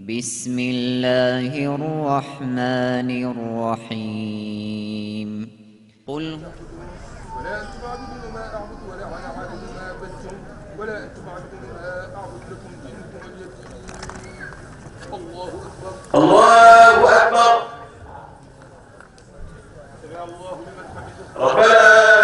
بسم الله الرحمن الرحيم قل ولا أنتم عابدون ما أعبد ولا أنا عابد ما عبدتم ولا أنتم عابدون ما أعبد لكم دينكم ولي الله أكبر الله أكبر سمع الله لمن حمده ربنا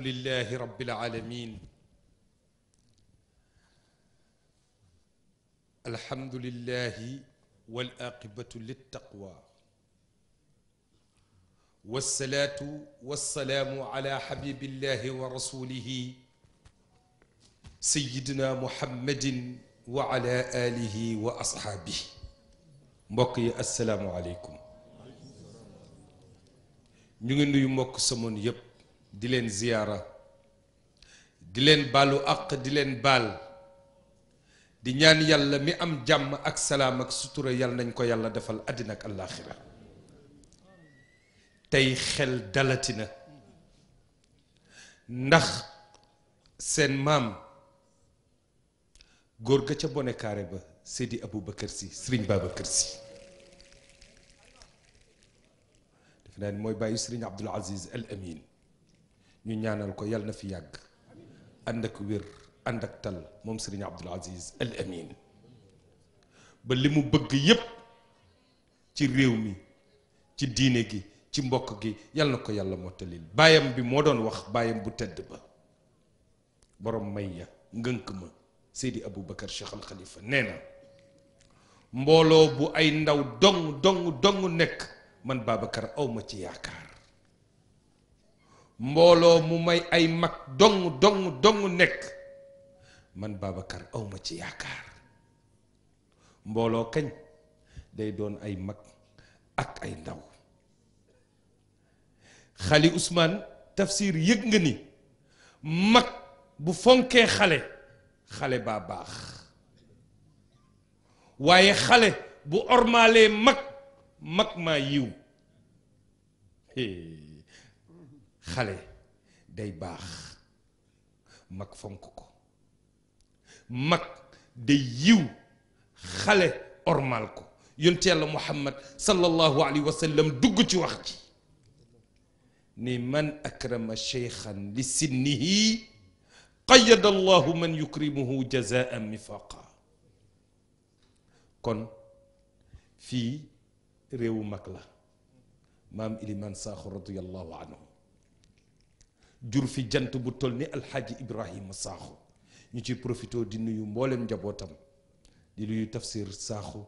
alhamdulilahi rabbil alamin alhamdulilahi wal aqibatu littaqwa wasalaatu wasalaamu ala xabibillahi wa rasulihi sayidina muhammadin wa ala alihi wa asxaabihi mbokk yi asalaamualeykum ñu ngi nuyu mbokk samoon yépp di leen ziyaara di leen baalu àq di leen baal di ñaan yàlla mi am jàmm ak salaam ak sutura yàlla nañ ko yàlla defal àddina ak àllaaxira tey xel dalatina ndax seen maam góor ga ca bonekaare ba Seydi Aboubacar Sy Serigne Babacar Sy defe naa ni mooy bàyyi Serigne Abdoul Aziz Al ñu ñaanal ko yàlla na fi yàgg ànd ak wér ànd ak tal moom Serigne Abdoul Aziz Al Amin ba li mu bëgg yépp ci réew mi ci diine gi ci mbokk gi yal na ko yàlla mottalil baayam bi moo doon wax baayam bu tedd ba boroom may ya ngënk ma Seydi Aboubacar Cheikh Al Khalifa nee na mbooloo bu ay ndaw dong dong dong nekk man Babacar awma ci yaakaar mbooloo mu may ay mag dong dong dong nekk man Babacar awma ci yaakaar mbooloo kañ day doon ay mag ak ay ndaw xali Ousmane tafsir yëg nga ni mag bu fonkee xale xale baa baax waaye xale bu ormaalee mag mag maa yiw xale day baax mag fonk ko mag day yiw xale ormal ko yonte yàlla muhammad sallallahu alayhi wa sallam dugg ci wax ci ni man akrama cheikhan li sinnihi qayada allahu man yukrimuhu jazaan mifaqa kon fii réewu mag la maam iliman saaxu radiallahu anhu jur fi jant bu toll ni alxaaji ibrahima saaxu ñu ci profité di nuyu mboolem njabootam di nuyu tafsir saaxu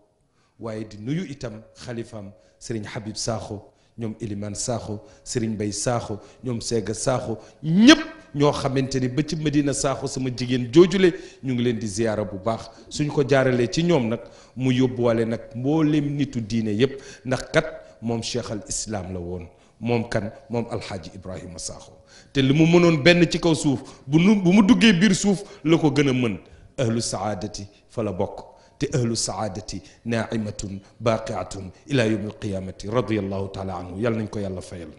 waaye di nuyu itam xalifaam sëriñ habib saaxu ñoom ilimaan saaxu sëriñ bay saaxu ñoom seega saaxu ñépp ñoo xamante ni ba ci Medina Sakho sama jigéen joojule ñu ngi leen di ziyaara bu baax suñ ko jaaralee ci ñoom nag mu yóbbuwale nag mboolem nitu diine yépp ndax kat moom cheikh al islam la woon moom kan moom alxaaji Ibrahima Sakho te li mu mënoon benn ci kaw suuf bu nu bu mu duggee biir suuf la ko gën a mën ahlu saadati fa la bokk te ahlu saadati naaimatun baaqiatun ila yawmi alqiyamati radiallahu taala anhu yàlla nañ ko yàlla fayal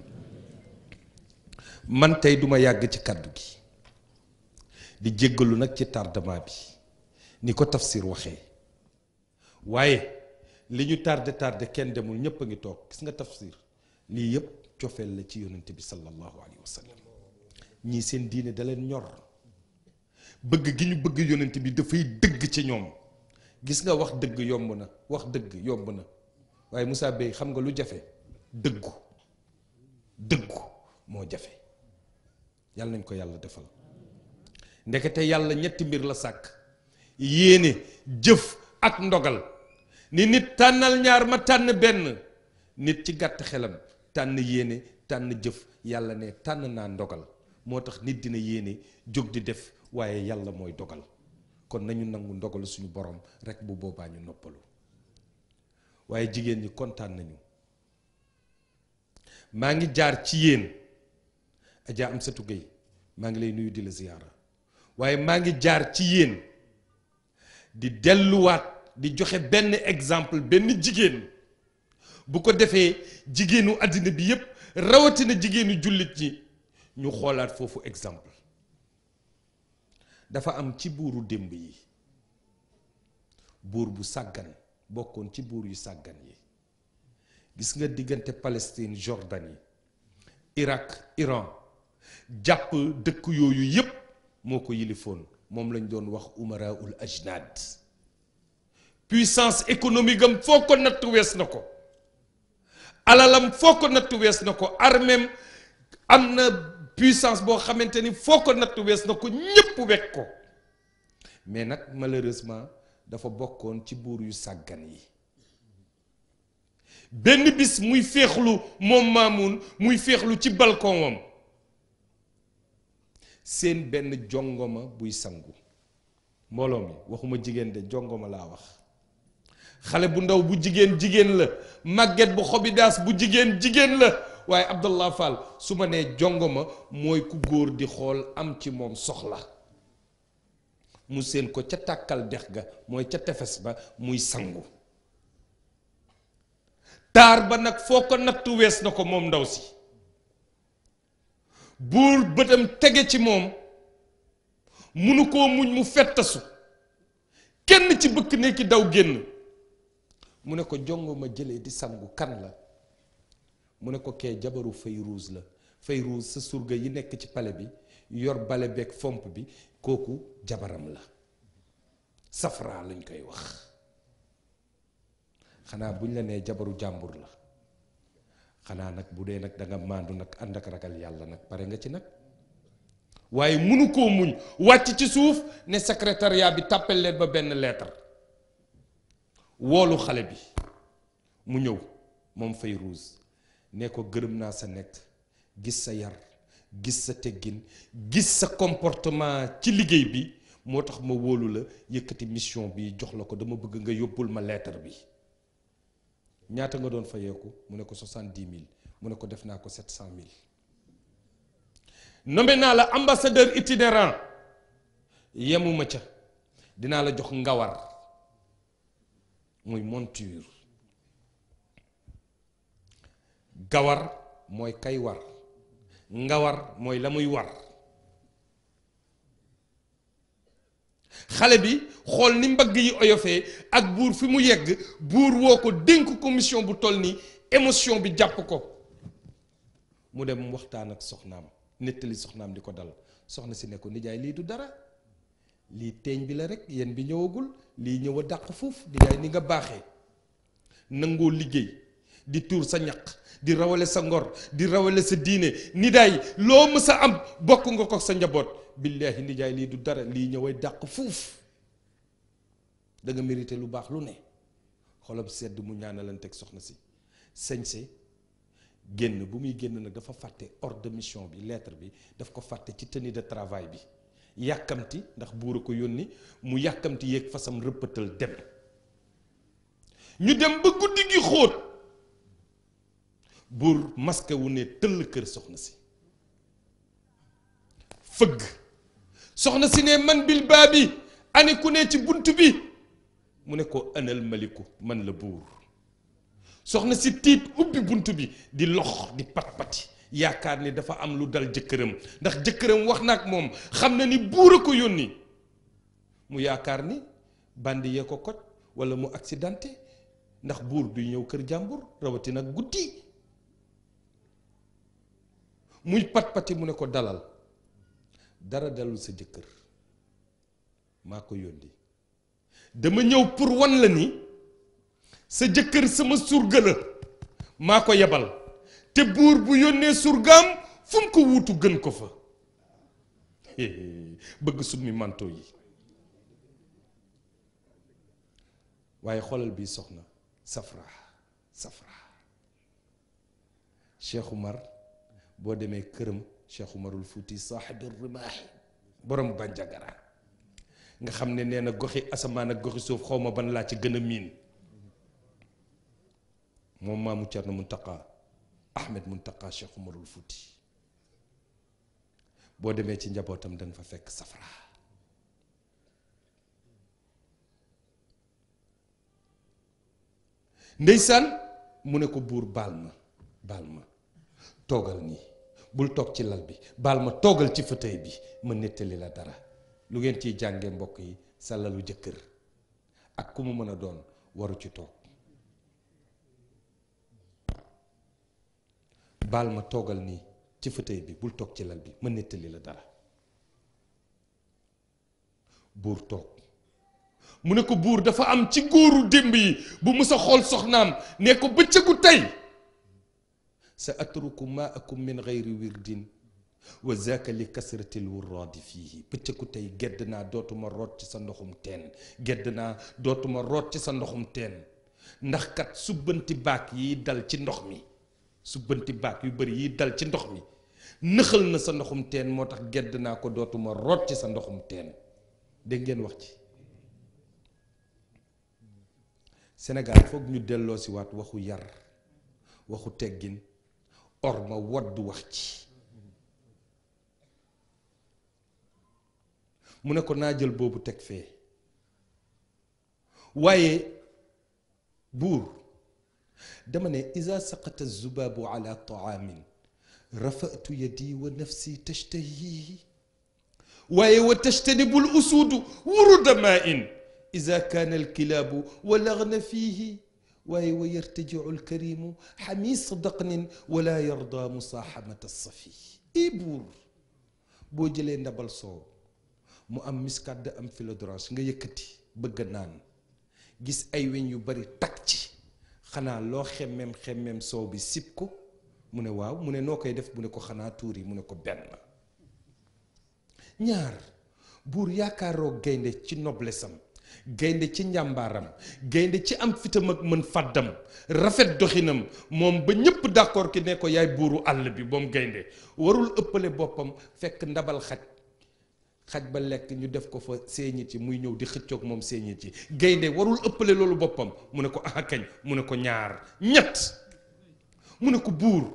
man duma yàgg ci kàddu gi di jéggalu nag ci tardement bi ni ko tafsir waxee waaye li ñu tardé tardé kenn demul ñépp a ngi toog gis nga tafsir lii yépp cofeel la ci yonent bi sallallahu alayhi wa sallam ñii seen diine daleen ñor bëgg gi ñu bëgg yonent bi dafay dëgg ci ñoom gis nga wax dëgg yomb na wax dëgg yomb waaye Moussa Bey xam nga lu jafe dëggu dëggu moo jafe yàlla nañ ko yàlla defal ndekete yàlla ñetti mbir la sàkk yéene jëf ak ndogal ni nit tànnal ñaar ma tànn benn nit ci gàtt xelam tànn yéene tànn jëf yàlla ne tànn naa ndogal moo tax nit dina yéene jóg di def waaye yàlla mooy dogal kon nañu nangu ndogalu suñu borom rek bu boobaa ñu noppalu waaye jigéen ñi kontaan nañu maa ngi jaar ci yéen Adja Amsatou Gueye maa ngi lay nuyu di la ziyaara waaye maa ngi jaar ci yéen di delluwaat di joxe benn exemple benn jigéen bu ko defee jigéenu àddina bi yépp rawatina jigéenu jullit ñi ñu xoolaat foofu exemple dafa am ci buuru démb yi buur bu sàggan bokkoon ci buur yu sàggan yi gis nga diggante Palestine jordani Irak Iran jàpp dëkk yooyu yépp moo ko yilifoon moom lañ doon wax umaraul ajnaad puissance économique am foo ko natt wees na ko alalam foo ko nattu wees na ko armem am na puissance boo xamante ni foo ko nattu wees na ko ñépp wekk ko mais nag malheureusement dafa bokkoon ci buur yu sàggan yi benn bis muy féexlu moom Maamun muy féexlu ci balcon wam seen benn jongoma buy sangu mbooloo mi waxuma jigéen de jongoma laa wax xale bu ndaw bu jigéen jigéen la màgget bu xobidaas bu jigéen jigéen la waaye Abdallah Fall su ma nee jongoma mooy ku góor di xool am ci moom soxla mu seen ko ca tàkkal dex ga mooy ca tefes ba muy sangu taar ba nag foo ko nattu wees na ko moom ndaw si buur bëtam tege ci moom munu koo muñ mu fettasu kenn ci bëkk nekki daw génn mu ne ko jongoma ma jëlee di sangu kan la mu ne ko kee jabaru fay Fayruuz la fay Fayruuz sa surga yi nekk ci pale bi yor bale beeg fomp bi kooku jabaram la safra lañ koy wax xanaa buñ la nee jabaru jàmbur la xanaa nag bu dee nag danga màndu nag ànd ak ragal yàlla nag pare nga ci nag waaye munu koo muñ wàcc ci suuf ne secrétariat bi tàppal ba benn lettre woolu xale bi mu ñëw moom fay ruuse ne ko gërëm naa sa nekk gis sa yar gis sa teggin gis sa comportement ci liggéey bi moo tax ma woolu la yëkkati mission bi jox la ko dama bëgg nga yóbbul ma lettre bi ñaata nga doon fayeeku mu ne ko soixante-dix mille mu ne ko def naa ko sept cent mille nommé naa la ambassadeur itinérant yemuma ca dinaa la jox ngawar muy monture gawar mooy kay war ngawar mooy la muy war xale bi xool ni mbagg yi oyofee ak buur fi mu yegg buur woo ko dénk commission bu toll ni émotion bi jàpp ko mu dem waxtaan ak soxnaam nettali soxnaam di ko dal soxna si ne ko nijaay lii du dara lii teeñ bi la rek yéen bi ñëwagul lii ñëw a dàq foofu di yaay ni nga baaxee nangoo liggéey di tuur sa ñaq di rawale sa ngor di rawale sa diine nijaay loo mës a am bokk nga ko sa njaboot billaahi nijaay lii du dara lii ñëway dàq fuuf da nga lu baax lu ne xolam sedd mu ñaanalanteeg soxna si sañse génn bu muy génn nag dafa fàtte ordre de mission bi lettre bi daf ko fàtte ci tenue de travail bi yàkkamti ndax buur a ko yónni mu yàkkamti yéeg fasam rëppatal dem ñu dem ba guddi gi xóot buur maske wu ne tëll kër soxna si fëgg soxna si ne man bil bi ane ku ne ci bunt bi mu ne ko anal maliku man la buur soxna si tiit ubbi bunt bi di lox di pat yaakaar ni dafa am lu dal jëkkëram ndax jëkkëram wax na ak moom xam na ni buur a ko yónni mu yaakaar ni band yee ko koj walla mu accidenté ndax buur du ñëw kër jàmbur rawatina guddi muy pat-pati mu ne ko dalal dara dalul sa jëkkër maa ko yónni dama ñëw pour wan la ni sa jëkkër sama surga la maa ko yebal te buur bu yónnee surgaam fu mu ko wutu gën ko fa bëgg summi manto yi waaye xoolal bii soxna safra safra Cheikh mar boo demee këram Cheikh marul Fuuti saaxibu rimaaxi borom Banjagara nga xam ne nee na goxi asamaan ak goxi suuf xaw ma ban laa ci gën a miin moom maamu Cerno Muntaqa Ahmed Muntaqa Cheikh Umarul Fouti boo demee ci njabootam danga fa fekk safara ndeysaan mu ne ko buur baal ma baal ma toogal nii bul toog ci lal bi baal ma toogal ci fauteuil bi ma nettali la dara lu ngeen ciy jànge mbokk yi sa lalu jëkkër ak ku mu mën a doon waru ci toog baal ma toogal nii ci fauteuil bi bul toog ci lal bi ma nettali la dara buur toog mu ne ko buur dafa am ci góoru démb yi bu mus a xool soxnaam ne ko bëccëgu tey sa atruku maakum min gayri wirdin wa zaaka li kasrati lwuraadi fiihi bëccëgu tey gedd naa dootuma root ci sa ndoxum teen gedd naa dootuma root ci sa ndoxum teen ndax kat subbanti baak yi dal ci ndox mi su bënti yu bari yi dal ci ndox mi nëxal na sa ndoxum teen moo tax gedd naa ko dootuma root ci sa ndoxum teen dégg ngeen wax ci Sénégal foog ñu delloo si waat waxu yar waxu teggin or ma wodd wax ci mu ne ko naa jël boobu teg fee waaye buur dama ne ida saqata zubaabu ala taamin rafatu yadi wa nafsi tashtahihi waaye wa tajtanibul usuudu wuruda maa in ida kaana alkilaabu wa lagna fiihi waaye wa yartajiu alkarimu xamiisa daqnin wala yarda musaaxamata safi i buur boo jëlee ndabal soow mu am miskatda am philodranche nga yëkkati bëgg naan gis ay weñ yu bari tag ci xanaa loo xemmem xemmem soow bi sib ko mu ne waaw mu ne noo koy def mu ne ko xanaa tuur yi mu ne ko benn ñaar buur yaakaaroo gaynde ci noblesse gaynde ci njàmbaaram gaynde ci am fitam ak mën fàddam rafet doxinam moom ba ñëpp d'accord ki ne ko yaay buuru àll bi moom gaynde warul ëppale boppam fekk ndabal xaj xaj ba lekk ñu def ko fa séeñit ci muy ñëw di xëccoog moom séeñit ci gaynde warul ëppale loolu boppam mu ne ko ahakañ mu ne ko ñaar ñett mu ne ko buur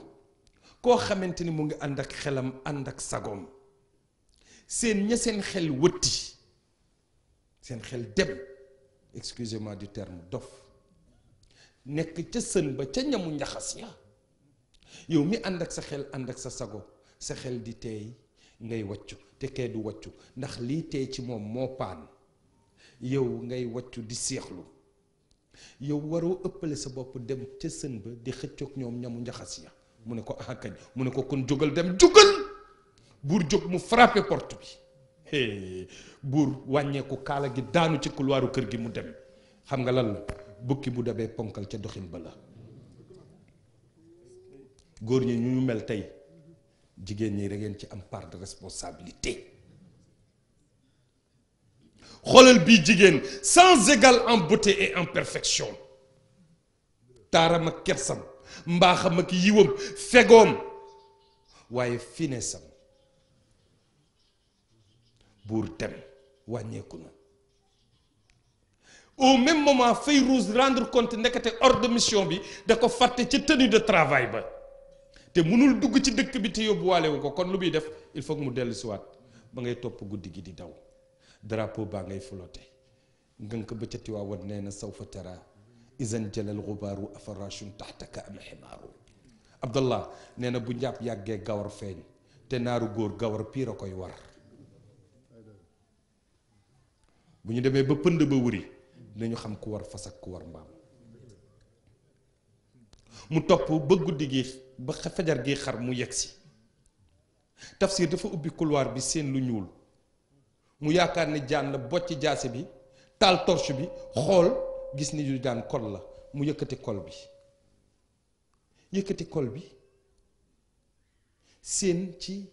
koo xamante ni mu ngi ànd ak xelam ànd ak sagoom seen ña seen xel wëtti seen xel dem excusez-moi du dof nekk ca ca ñamu njaxas ya yow mi ànd ak sa sago sa xel di teey ngay wàccu te kee du wàccu ndax lii tey ci moom moo paan yow ngay waccu di seexlu yow waroo ëppale sa bopp dem ca sën ba di xëccoog ñoom ñamu njaxas ya mu ne ko ahakañ mu ne ko kon jógal dem jógal buur jóg mu frappé porte bi buur wàññeeku kaala gi daanu ci couloiru kër gi mu dem xam nga lan bukki bu dabee ponkal ca doxin ba la góor ñi ñu mel tey jigéen ñi da ngeen ci am part de responsabilité xoolal bi jigéen sans égal en beauté et en perfection taaram ak kersam mbaaxam ak yiwam fegoom waaye finesam buur dem wàññeeku na au même moment Fayrouz rendre compte nekkate hors de mission bi da ko fàtte ci tenue de travail ba mënul dugg ci dëkk bi te yóbbuwaale wu ko kon lu muy def il faut mu dellu siwaat ba ngay topp guddi gi di daw drapeau baa ngay flotté ngënk ba ca Tiwaawan nee na saw fa tara isan jalal xubaaru afarashun taxtaka am ximaaru abdallah nee na bu njàpp yàggee gawar feeñ te naaru góor gawar piir a koy war bu ñu demee ba pënd ba wuri dañu xam ku war fas ku war mbaam mu topp ba guddi gi ba fajar gi xar mu yegg si tafsir dafa ubbi couloir bi seen lu ñuul mu yaakaar ni jaan la bocc jaase bi taal torche bi xool gis ni yu daan kol la mu yëkkati kol bi seen ci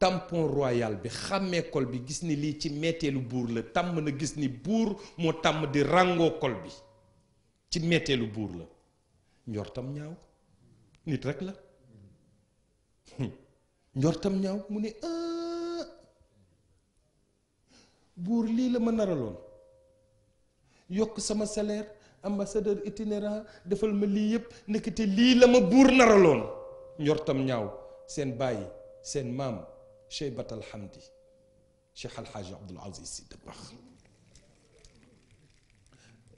tampon royal bi xàmmee kol bi gis ni lii ci metteelu buur la tàmm na gis ni buur moo tàmm di ràngoo kol bi ci metteelu buur la njortam ñaaw nit rekk la njortam ñaaw mu ni ah, buur lii la ma naraloon yokk sama salaire ambassadeur itinérant defal ma lii yëpp ndekete lii la ma buur naraloon njortam ñaaw seen bàyyi seen maam Cheybat Alhamdi Cheikh Alhaaji Abdul Aziz Sy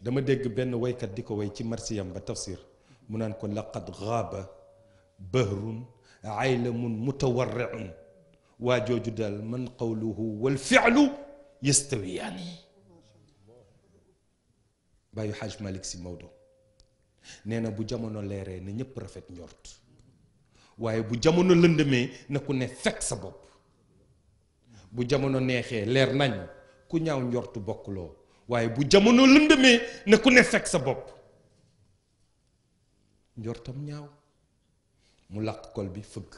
dama dégg benn waykat di ko way ci marsiyam ba tafsir mu naan ko laqad xaaba bahrun aylamun mutawarriun waa jooju daal man qawluhu wal fi'lu yastawiyaani bàyyu xaaj Malick si Maodo nee na bu jamono leeree na ñépp rafet njort waaye bu jamono lëndëmee na ku ne sa bopp bu jamono neexee leer nañ ku ñaaw njortu bokkuloo waaye bu jamono lëndëmee na ku ne fekk sa bopp njortam ñaaw mu làq kol bi fëgg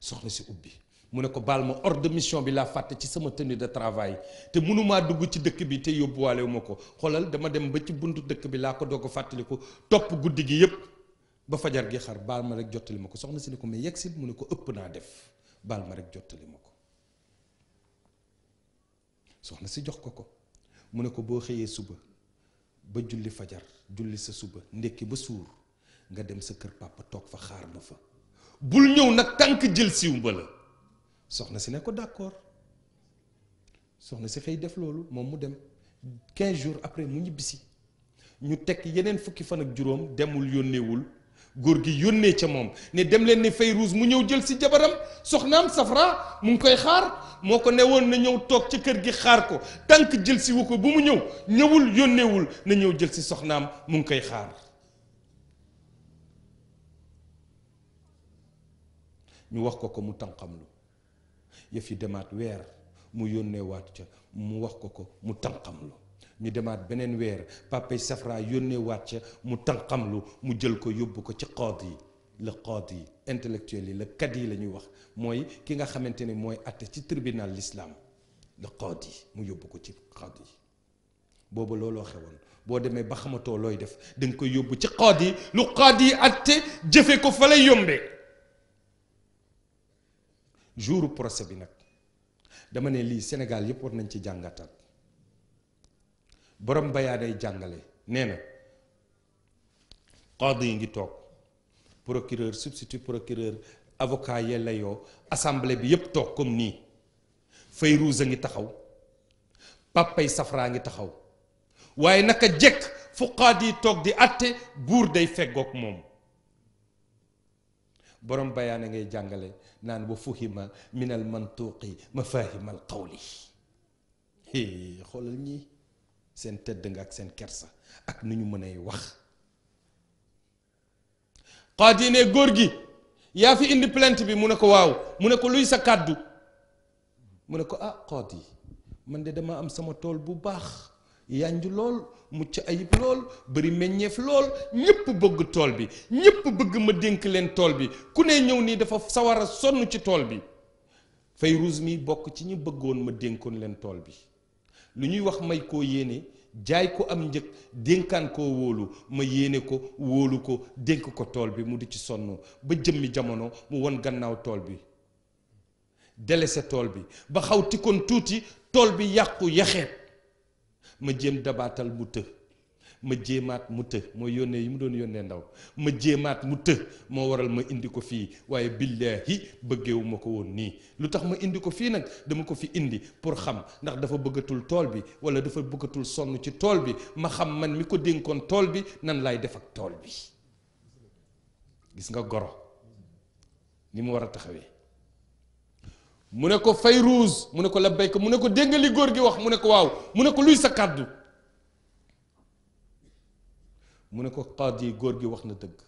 soxna si ubbi mu ne ko baal ma ordre mission bi laa fàtte ci sama tenue de travail te mënumaa dugg ci dëkk bi te yóbbuwaalewu ma ko xoolal dama dem ba ci buntu dëkk bi laa ko doog a fàttaliku topp guddi gi yépp ba fajar gi xar baal ma rek jottali ma ko soxna si ne yegg si mu ne ko ëpp def baal ma rek jottali ma ko soxna si jox ko ko mu ne ko boo xëyee suba ba julli fajar julli sa suba ndekki ba suur nga dem sa kër papa toog fa xaar ma fa bul ñëw nag tànk jël siw ba la soxna si ne ko d'accord soxna si fay def loolu moom mu dem quinze jours après mu ñibbisi ñu teg yeneen fukki fan ak juróom demul yónneewul góor gi yónnee ca moom ne dem leen ne Fayrouz mu ñëw jël si jabaram soxnaam Safra mu ngi koy xaar moo ko ne woon na ñëw toog ci kër gi xaar ko tànk jël si ko bu mu ñëw ñëwul yónneewul na ñëw jël si soxnaam mu ngi koy xaar ñu wax ko ko mu tànqamlu yëf yi demaat weer mu yónnee waat ca mu wax ko ko mu tànqamlu ñu demaat beneen weer papay safra yónnee waat ca mu tànqamlu mu jël ko yóbbu ko ci xood yi le xood yi intellectuel yi le kat yi la ñuy wax mooy ki nga xamante ni mooy àtte ci tribunal l'islam le xood yi mu yóbbu ko ci xood yi booba looloo xewoon boo demee ba xamatoo looy def danga koy yóbbu ci xood lu xood yi jëfe ko fa lay yombee jouru procès bi nag dama ne lii Sénégal yëpp war nañ ci jàngatal borom bayaa day jàngale nee na qadi yi ngi toog procureur substitut procureur avocat yella yoo assemblée bi yëpp toog comme nii fay rouge a ngi taxaw papay safraa ngi taxaw waaye naka jëkk fu qaadi yi toog di àtte buur day fegook moom borom bayaan a ngay jàngale naan wa fuhima min al mantuqi mafahima al qawli xoolal ñi seen tëdd nga ak seen kersa ak nu ñu mën ay wax xaadi ne góor gi yaa fi indi plainte bi mu ne ko waaw mu ne ko luy sa kàddu mu ne ko ah xaadi man de dama am sama tool bu baax yanj lool mucc ayib lool bari meññeef lool ñëpp bëgg tool bi ñëpp bëgg ma dénk leen tool bi ku ne ñëw nii dafa sawar a sonn ci tool bi fay Fayrouz mi bokk ci ñu bëggoon ma dénkoon leen tool bi lu ñuy wax may koo yéene jaay ko am njëg dénkaan koo wóolu ma yéene ko wóolu ko dénk ko tool bi mu di ci sonn ba jëmmi jamono mu won gannaaw tool bi dele sa tool bi ba xaw tikkoon tuuti tool bi yàqu yaxeet ma jéem dabaatal mu të ma jéemaat mu të mooy yónnee yi ma doon yónnee ndaw ma jéemaat mu të moo waral ma indi ko fii waaye billaahi bëggeewu ma ko woon nii lu tax ma indi ko fii nag dama ko fi indi pour xam ndax dafa bëggatul tool bi wala dafa bëggatul sonn ci tool bi ma xam man mi ko dénkoon tool bi nan laay def ak tool bi gis nga goro ni mu war a taxawee mu ne ko Fayruuz mu ne ko labbayka mu ne ko dégg góor gi wax mu ne ko waaw mu ne ko luy sa kàddu mu ne ko qaadi góor gi wax na dëgg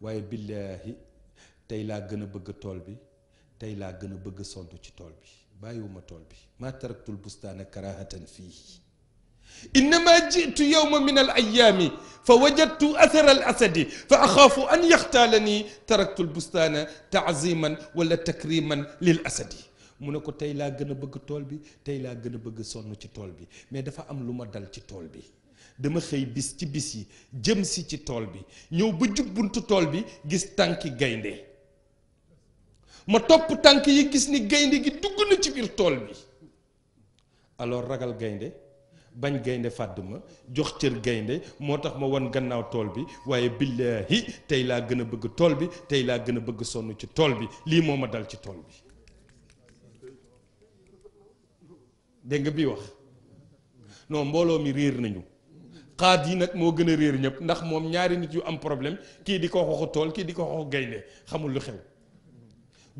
waaye billaahi tey laa gën a bëgg tool bi tey laa gën a bëgg sontu ci tool bi bàyyiwuma tool bi maa taraktul bustaana karahatan fii innama jitu yowma min al ayaami fa wajadtu athara al asadi fa axaafu an yaxtaalani taraktu lbustaana taaziman wala takriman lil asadi mu ne ko tey laa gën a bëgg tool bi tey laa gën a bëgg sonn ci tool bi mais dafa am lu ma dal ci tool bi dama xëy bis ci bis yi jëm si ci tool bi ñëw ba jub buntu tool bi gis tànki gaynde ma topp tànk yi gis ni gaynde gi dugg na ci biir tool bi alors ragal gaynde bañ gaynde fàdd ma jox cër gaynde moo tax ma wan gannaaw tool bi waaye billaahi tey laa gën a bëgg tool bi tey laa gën a bëgg sonn ci tool bi lii moo ma dal ci tool bi dégg nga bii wax no mbooloo mi réer nañu xaat yi nag moo gën a réer ñëpp ndax moom ñaari nit yu am problème kii di ko waxu tool kii di ko waxu gaynde xamul lu xew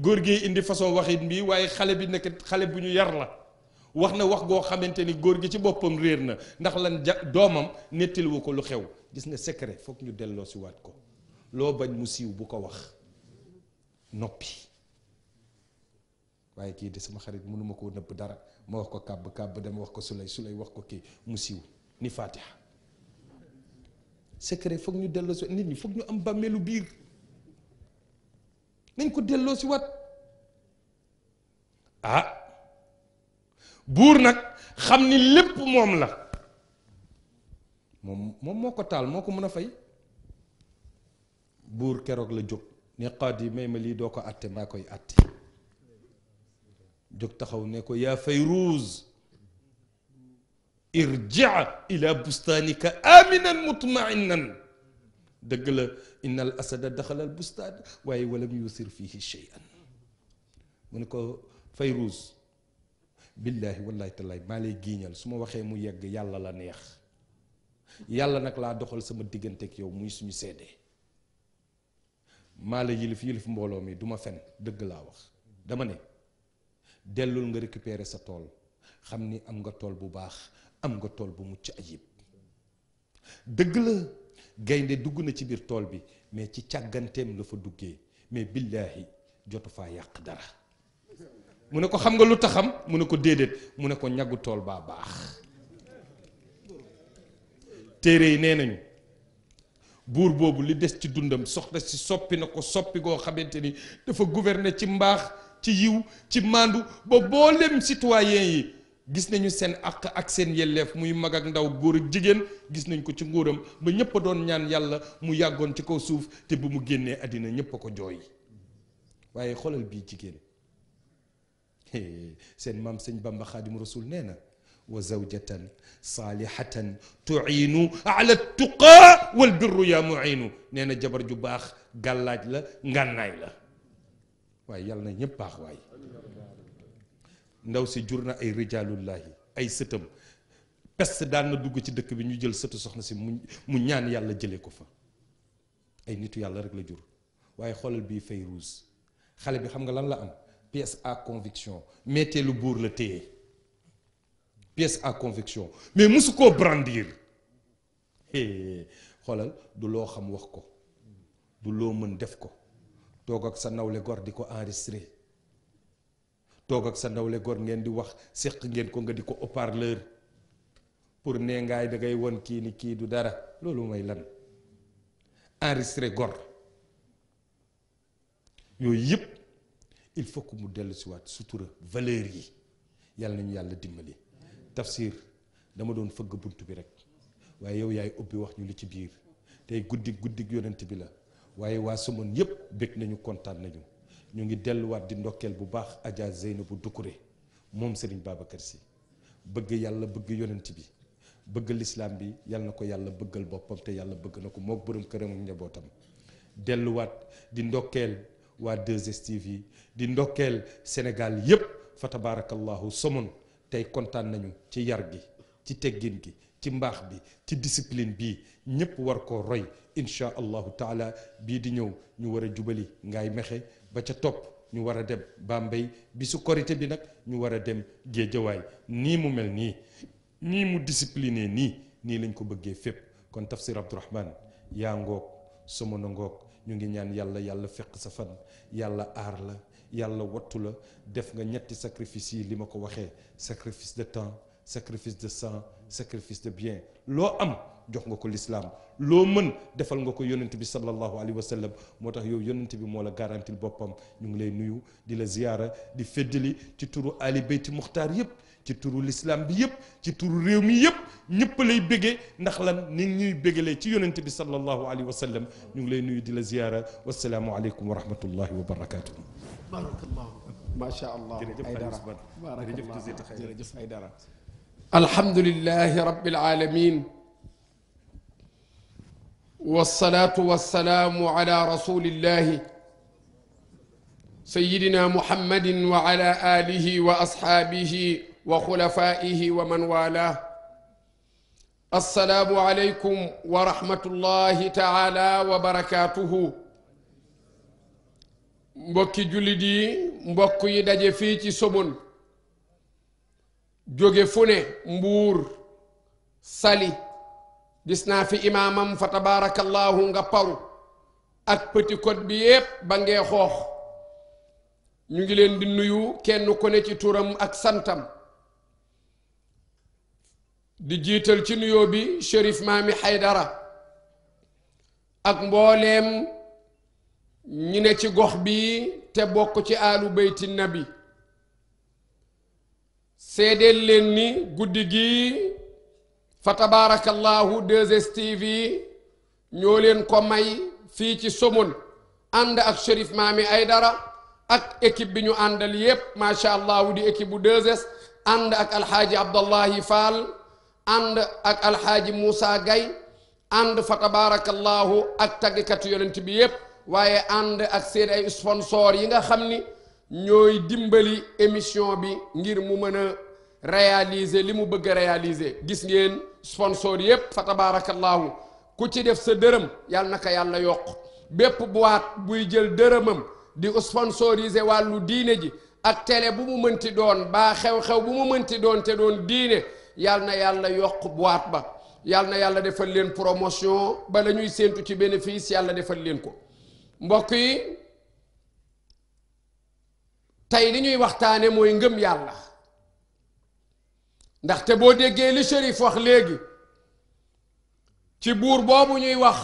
góor gi indi façon waxit mbii waaye xale bi nekk xale bu ñu yar la wax na wax goo xamante ni góor gi ci boppam réer na ndax lan ja doomam nettaliwu ko lu xew gis nga secret foog ñu delloo si waat ko loo bañ mu siiw bu ko wax noppi waaye kii de sama xarit mënuma koo nëbb dara ma wax ko kàbb kàbb dama wax ko sulay sulay wax ko kii mu siiw ni faatiha secret foog ñu delloo si nit ñi foog ñu am bàmmeelu biir nañ ko delloo si wat ah buur nag xam ni lépp moom la moom moom moo ko taal moo ko mën a fay buur keroog la jóg ne qaadi may ma lii doo ko àtte mbaa koy àtte jóg taxaw ne ko yaa fayruuz irjia ila bustaanika aminan mutmainan dëgg la inna al asada daxala al bustaan waaye walam yusir fihi cheyan mu ne ko fayruuz billaahi wallaahi tallaahi maa lay giiñal su ma waxee mu yegg yàlla la neex yàlla nag laa doxal sama diggante ak yow muy suñu seede maa la yilif yilif mbooloo mi duma fen dëgg laa wax dama ne dellul nga récupérer sa tool xam ni am nga tool bu baax am nga tool bu mucc ayib dëgg la gaynde dugg na ci biir tool bi mais ci càgganteem la fa duggee mais billaahi jotu faa yàq dara mu ne ko xam nga lu taxam mu ne ko déedéet mu ne ko ñaggu tool baa baax téere yi nee nañu buur boobu li des ci dundam soxna ci soppi na ko soppi goo xamante ni dafa gouverner ci mbaax ci yiw ci màndu ba boolem citoyen yi gis nañu seen àq ak seen yelleef muy mag ak ndaw góor ak jigéen gis nañ ko ci nguuram ba ñépp a doon ñaan yàlla mu yàggoon ci kaw suuf te bu mu génnee àddina ñépp a ko jooy waaye xoolal bii jigéen seen maam sëñ bamba xaadim rasul nee na wa zawjatan saalihatan tuiinu ala tuqaa wal birru yaa muiinu nee na jabar ju baax gàllaaj la ngànnaay la waaye yàlla na ñëpp baax waaye ndaw si jur na ay rijaalullahi ay sëtam peste daan na dugg ci dëkk bi ñu jël sëtu soxna si mu mu ñaan yàlla jëlee ko fa ay nitu yàlla rek la jur waaye xoolal bii Fayruuz xale bi xam nga lan la am pièce à conviction metteelu buur la téye pièce à conviction mais mosu koo brandir xoolal du loo xam wax ko du loo mën def ko toog ak sa nawle gor di ko enristre toog ak sa nawle gor ngeen di wax séq ngeen ko nga di ko haut-parleur pour nee ngaay da ngay won kii ni kii du dara loolu mooy lan enregistré gor yooyu yëpp il faut mu dellu si waat sutura valeur yi yàlla nañu yàlla dimbali tafsir dama doon fëgg bunt bi rek waaye yow yaay ubbi wax ñu li ci biir tey guddi guddi yonent bi la waaye waa Somone yépp bég nañu kontaan nañu ñu ngi delluwaat di ndokkeel bu baax Adja Zeynabu Dukure moom Serigne Babacar si bëgg yàlla bëgg yonent bi bëgg lislaam bi yàlla na ko yàlla bëggal boppam te yàlla bëgg na ko mook borom këram ak njabootam delluwaat di ndokkeel waa 2STV yi di ndokkeel Sénégal yépp fa tabarakallahu somon tey kontaan nañu ci yar gi ci teggin gi ci mbaax bi ci discipline bi ñépp war ko roy incha allahu taala bii di ñëw ñu war a jubali ngay mexe ba ca topp ñu war a baa mbay bi su korité bi nag ñu war a dem géejawaay nii mu mel nii nii mu discipliné nii nii lañ ko bëggee fépp kon tafsir abdourahman yaa ngoog somona ngoog ñu ngi ñaan yàlla yàlla fekk sa fan yàlla aar la yàlla wattu la def nga ñetti sacrifice yi li ma ko waxee sacrifice de temps sacrifice de sang sacrifice de bien loo am jox nga ko lislaam loo mën defal nga ko yonent bi sallallahu alayhi wa sallam moo tax yow yonent bi moo la garantil boppam ñu ngi lay nuyu di la ziyaara di féddali ci turu ali beyti muxtaar yépp ci turu l'islam bi yëpp ci turu réew mi yëpp ñëpp lay béggee ndax lan ni ñuy béggalee ci yonent bi sallallahu alayhi wa sallam ñu ngi lay nuyu di la ziyaara wasalaamu aleykum wa rahmatullahi wa barakaatu. barakallahu macha allah ay dara barakallah jërëjëf ay dara. alhamdulilahi rabbil alamin wasalaatu wasalaamu ala rasulillahi sayidina muhammadin wa ala alihi wa asxaabihi wa xulafaihi wa man waalaa assalaamu aleykum wa rahmatullahi taala wa barakaatuhu mbokki jullit yi mbokk yi daje fii ci Somone joge fune mbuur sali gis naa fi imaamam fa tabaarakallaahu nga paru ak Petit Côte bi yépp ba ngee xoox ñu ngi leen di nuyu kenn ku ne ci turam ak santam di jiital ci nuyoo bi Chérif Maami Haydara ak mbooleem ñi ne ci gox bi te bokk ci aalu bayti nabi seedeel leen ni guddi gi fa tabaarakallaahu 2STV ñoo leen ko may fii ci Somone ànd ak Chérif Maami Haydara ak équipe bi ñu àndal yépp macha allah di équipe bu 2S ànd ak alxaaji Abdallahi Fall ànd ak alxaaji Moussa Gaye ànd fa tabaarakallaahu ak tàggkat yonent bi yépp waaye ànd ak seen ay sponsor yi nga xam ni ñooy dimbali émission bi ngir mu mën a réaliser li mu bëgg a réaliser gis ngeen sponsor yépp fa tabaarakallaahu ku ci def sa dërëm yàlla na ko yàlla yokk bépp boîte buy jël dërëmam di sponsoriser wàllu diine ji ak télé bu mu mënti doon baa xew-xew bu mu mënti doon te doon diine yal na yàlla yokk boîte ba yal na yàlla defal leen promotion ba la ñuy séentu ci bénéfice yàlla defal leen ko mbokk yi tey li ñuy waxtaane mooy ngëm yàlla ndaxte boo déggee li Chérif wax léegi ci buur boobu ñuy wax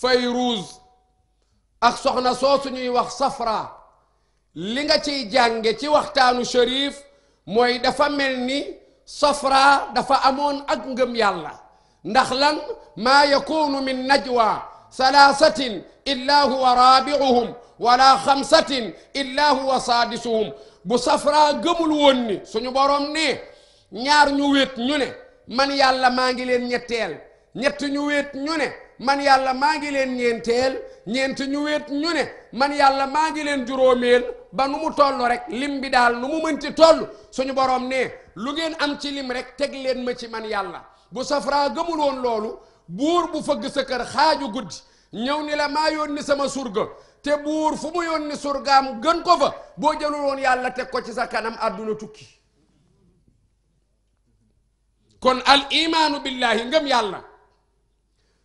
Fayruuz ak soxna soosu ñuy wax Safra li nga ciy jànge ci waxtaanu Chérif mooy dafa mel ni safra dafa amoon ak ngëm yàlla ndax lan maa yakunu min najwa salaasatin illa huwa raabiuhum wala xamsatin illa huwa saadisuhum bu safra gëmul woon ni suñu borom ne ñaar ñu man yàlla maa ngi leen ñetteel ñett ñu wéet ñu ne man yàlla maa ngi leen ñeenteel ñeent ñu wéet ñu ne man yàlla maa ngi leen juróomeel ba nu mu toll rek lim bi daal nu mu mënti toll suñu borom lu ngeen am ci lim rek teg leen ma ci man yàlla bu safraa gëmul woon loolu buur bu fëgg sa kër xaaju guddi ñëw ni la maa yónni sama surga te buur fu mu yónni surgaam gën ko fa boo jëlul woon yàlla teg ko ci sa kanam àdduna tukki kon al imaanu billahi ngëm yàlla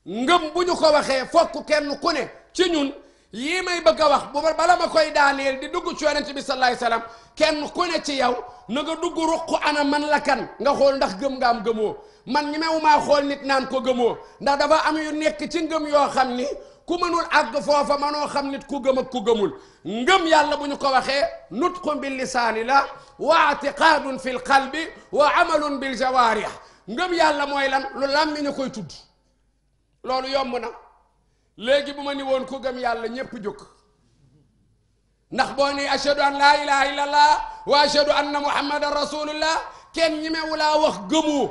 ngëm bu ñu ko waxee fokk kenn ku ne ci ñun yii may bëgg a wax bu bala ma koy daaneel di dugg ci yonent bi sallallahu alayhi kenn ku ne ci yow na dugg ruq ana man la kan nga xool ndax gëm ngaam am gëmoo man ñemewu maa xool nit naan ko gëmoo ndax dafa am yu nekk ci ngëm yoo xam ni ku mënul àgg foofa manoo xam nit ku gëm ak ku gëmul ngëm yàlla bu ñu ko waxee nutqun bil lisaani la wa atiqaadun fil qalbi wa amalun bil jawaarih ngëm yàlla mooy lan lu làmmi ñu koy tudd loolu yomb na léegi bu ma ni woon ku gëm yàlla ñépp jóg ndax boo ne ashadu an laa ilaha illallah wa ashadu anna muhammadan rasulullah kenn ñi mewu laa wax gëmoo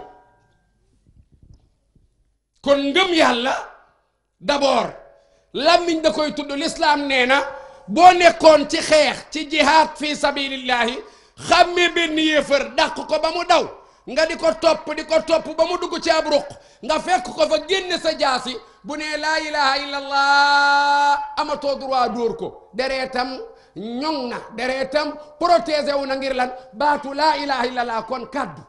kon ngëm yàlla d'abord làmmiñ da koy tudd lislaam nee na boo nekkoon ci xeex ci jihaad fi sabilillahi xàmmee benn yéefër dàq ko ba mu daw nga di ko topp di ko topp ba mu dugg ci ab nga fekk ko fa génne sa jaasi bu nee laa ilaha illallah amatoo droit dóor ko dereetam ñoŋ na deretam protégé wu na ngir lan baatu laa ilaha illallah kon kaddu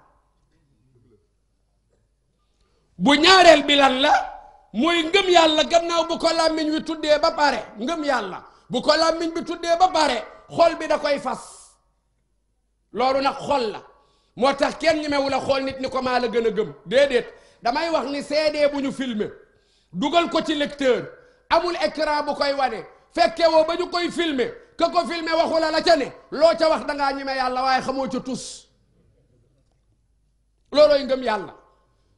bu ñaareel bi la mooy ngëm yàlla gannaaw bu ko làmmiñ wi tuddee ba pare ngëm yàlla bu ko làmmiñ bi tuddee ba pare xol bi da koy fas loolu nag xol la moo tax kenn ñemewu la xool nit ni ko maa la gën a gëm déedéet damay wax ni CD bu ñu filmer dugal ko ci lecteur amul écran bu koy wane fekke ba ñu koy filmer ka ko filmé waxula la ca loo ca wax dangaa ñeme yàlla waaye xamoo ca tus loolooy ngëm yàlla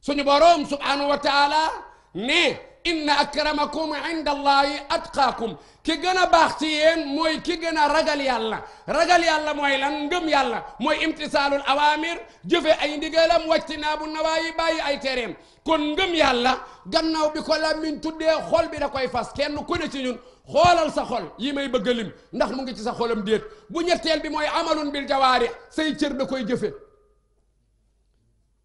suñu boroom subhanahu wa taala ne inna akramakum inda allahi atqaakum ki gën a baax ci mooy ki gën a ragal yàlla ragal yàlla mooy lan ngëm yàlla mooy imtisaalul awaamir jëfe ay ndigalam wajtinaabu nawaayi bàyyi ay tereem kon ngëm yàlla gannaaw bi ko làmmiñ tuddee xol bi da koy fas kenn ku ne ci ñun xoolal sa xol yi may bëgg a ndax mu ngi ci sa xolam déet bu ñetteel bi mooy amalun bil jawaari say cër da koy jëfe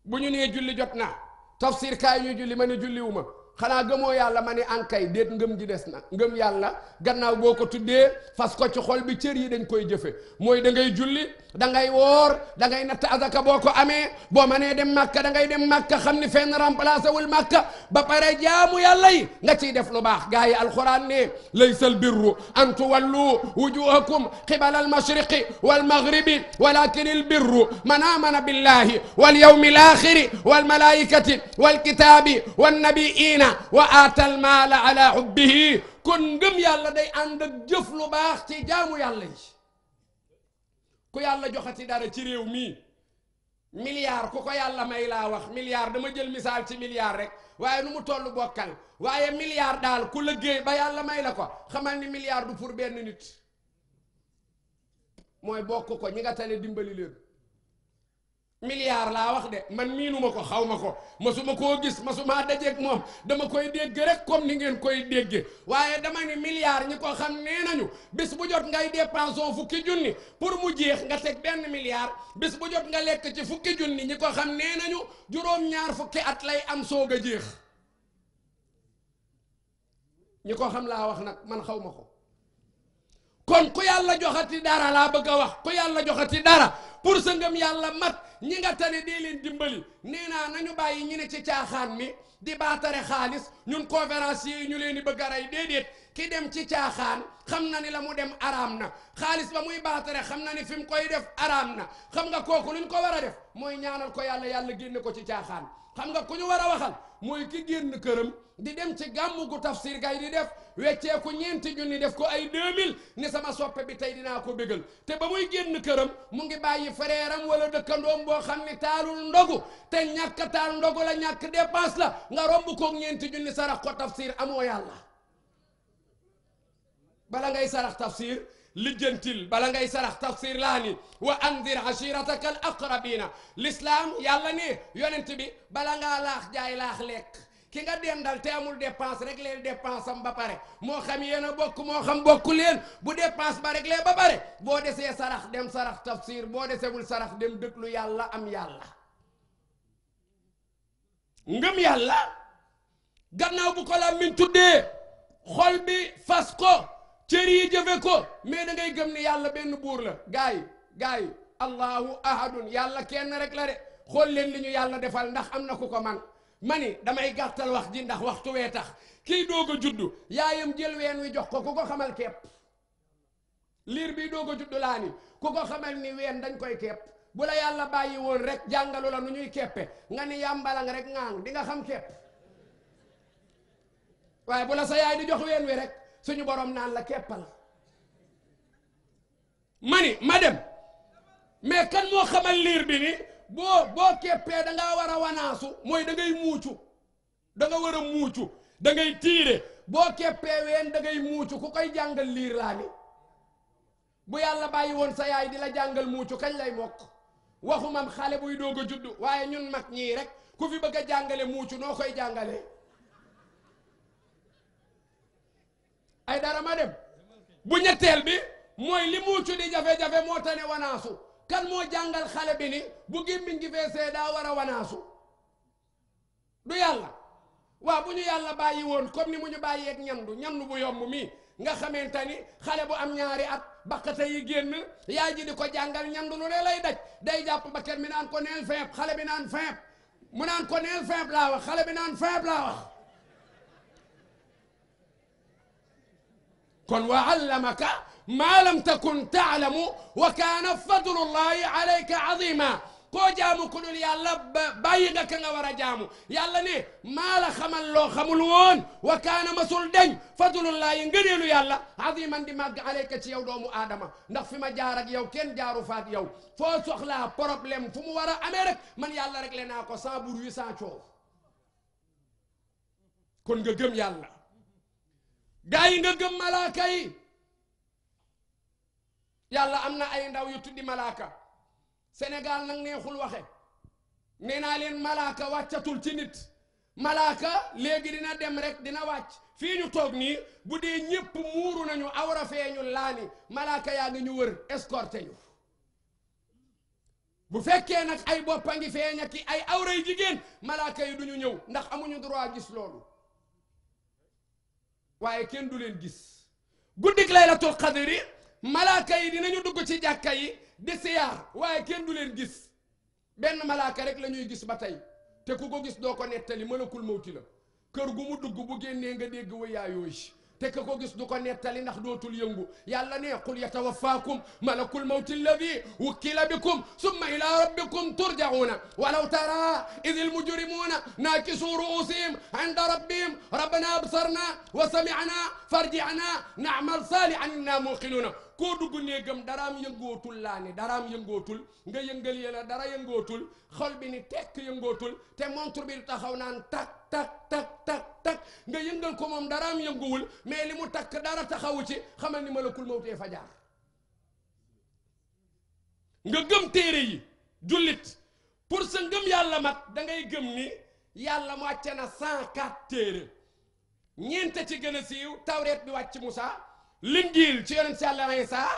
bu ñu nee julli jot naa tafsir kaay ñu julli ma ne julliwu ma xanaa gëmoo yàlla ma ne ankay déet ngëm ji des na ngëm yàlla gannaaw boo ko tuddee fas ko ci xol bi cër yi dañ koy jëfe mooy da ngay julli da ngay woor da ngay natt azaka boo ko amee boo mënee dem màkka da ngay dem màkka xam ni fenn remplacé wul màkka ba pare jaamu yàlla yi nga ciy def lu baax gaa yi alquran ne laysa albirru an tuwallu wujuhakum qibala almashriqi walmaghribi walakin albirru man amana billahi walyawmi alakhiri walmalaikati walkitabi wannabiina wa aata almaala ala hubbihi kon ngëm yàlla day ànd ak jëf lu baax ci jaamu yàlla yi ku yàlla joxati dara ci réew mii milliard ku ko yàlla may laa wax milliard dama jël misaal ci milliard rek waaye nu mu toll bokkal waaye milliard daal ku liggéey ba yàlla may la ko xamal ni milliard du pour benn nit mooy bokk ko ñi nga tane dimbali leen milliard laa wax de man miinuma ko xaw ma ko masuma koo gis masuma dajeeg moom dama koy dégg rek comme ni ngeen koy dégge waaye dama ni milliard ñi ko xam nee nañu bis bu jot ngay dépensé fukki junni pour mu jeex nga teg benn milliard bis bu jot nga lekk ci fukki junni ñi ko xam nee nañu juróom-ñaar fukki at lay am soog a jeex ñi ko xam laa wax nag man xaw ma ko kon ku yàlla joxati dara laa bëgg a wax ku yàlla joxati dara pour sa ngëm yàlla mat ñi nga tane dee leen dimbali nee naa nañu bàyyi ñu ne ci caaxaan mi di baatare xaalis ñun conférenciers yi ñu leen di bëgg a rey déedéet ki dem ci caaxaan xam na ni la mu dem araam na xaalis ba muy baatare xam na ni fi mu koy def araam na xam nga kooku luñ ko war a def mooy ñaanal ko yàlla yàlla génne ko ci caaxaan xam nga ku ñu war a waxal mooy ki génn këram di dem ci gàmm gu tafsir gay di def wecceeku ñeenti junni def ko ay 2000 ni sama soppe bi tey dinaa ko bégal te ba muy génn këram mu ngi bàyyi fereeram wala dëkkandoom boo xam ni taalul ndogu te ñàkk taal ndogu la ñàkk dépense la nga romb koog ñeenti junni sarax ko tafsir amoo yàlla bala ngay sarax tafsir lijjantil bala ngay sarax tafsir laa ni wa andir ashirataka al aqrabina l'islaam yàlla ni yonent bi bala nga laax jaay laax lekk ki nga dem dal te amul dépense rek leen am ba pare moo xam yéen bokk moo xam bokk leen bu dépense ba rek ba pare boo desee sarax dem sarax tafsir boo desewul sarax dem déglu yàlla am yàlla ngëm yàlla gannaaw bu ko la min tuddee xol bi fas ko cër yi jëfe ko mais da ngay gëm ni yàlla benn buur la gars yi gars yi allahu ahadun yàlla kenn rek la de xool leen li ñu yàlla defal ndax am na ku ko man ma damay gàttal wax ji ndax waxtu wee tax kii doog a juddu yaayam jël ween wi jox ko ku ko xamal kepp liir bi doog a juddu laa ni ku ko xamal ni ween dañ koy kepp bu la yàlla bàyyi woon rek jàngalu la nu ñuy keppe nga ni yàmbalang rek ŋaang di nga xam kepp waaye bu la sa yaay di jox ween wi rek suñu borom naan la keppal ma ni ma dem mais kan moo xamal liir bi ni boo boo keppee da ngaa war a wanaasu mooy dangay muucu danga war a muucu dangay tiire boo keppee ween da ngay muucu ku koy jàngal liir laa ni bu yàlla yi woon sa yaay di la jàngal muucu kañ lay mokk waxumam xale buy doog a waaye ñun mag ñii rek ku fi bëgg a jàngale muucu noo koy jàngale ay dara ma dem bu ñetteel bi mooy li muucu di jafe-jafe moo tane wanaasu kan moo jàngal xale bi ni bu gémmiñ gi fee see daa war a wanaasu du yàlla waaw bu ñu yàlla bàyyi woon comme ni mu ñu bàyyeeg ñamdu ñamdu bu yomb mi nga xamante ni xale bu am ñaari at baqate yi génn yaay ji di ko jàngal ñamdu lu ne lay daj day jàpp bakket mi naan ko neel feeb xale bi naan feeb mu naan ko neel feeb bi naan feeb laa wax kon wa allamaka maa lam takun taalamu wa kaana fadlullahi alayka azima koo jaamu ku dul yàlla bàyyi nga ka nga war a jaamu yàlla ne maa la xamal loo xamul woon wa kaana masul deñ fadlullahi ngëneelu yàlla aziman di màgg alayka ci yow doomu aadama ndax fi ma jaar ak yow kenn jaaru faak yow foo soxlaa problème fu mu war a amee rek man yàlla rek le naa ko sans bruit sans coow kon nga gëm yàlla gaa yi nga gëm malaaka yi yàlla am na ay ndaw yu tuddi malaaka Sénégal nag neexul waxe nee naa leen malaaka wàccatul ci nit malaaka léegi dina dem rek dina wàcc fii ñu toog nii bu dee ñépp muuru nañu awra feeñu laani malaaka yaa ngi ñu wër escorté ñu bu fekkee nag ay boppa ngi feeñ ak ay awray jigéen malaaka yi duñu ñëw ndax amuñu droit gis loolu waaye kenn du leen gis guddik laylatul qadri malaaka yi dinañu dugg ci jàkka yi di siyaar waaye kenn du leen gis benn malaaka rek la gis ba tey te ku ko gis doo ko nettali malakul mawti la kër gu mu dugg bu génnee nga dégg wayaayooy te ka ko gis du ko nettali ndax dootul yëngu yàlla ne qul yatawafaakum malakul mawti alladi wukkila bikum summa ila rabbikum turjauna walaw tara id almujrimuna naakisu ruusihim inda rabbihim rabbana absarna wa samicna farjicna nacmal saalihan inna muuqinuna koo dugg néegam daraam yëngootul laa ni daraam yëngootul nga yëngal yéen a dara yëngootul xol bi ni tekk yëngootul te montre bi taxaw naan tak tak tak tak nga yëngal ko moom daraam yënguwul mais li mu takk dara taxawu ci xamal ni malakul mawtee fa jaar nga gëm téere yi jullit pour sa ngëm yàlla mat dangay ngay gëm ni yàlla mu wàcce na 104 téere ñeent ci gën a siiw tawreet bi wàcc Moussa linjiil ci yonent si yàlla Iisaa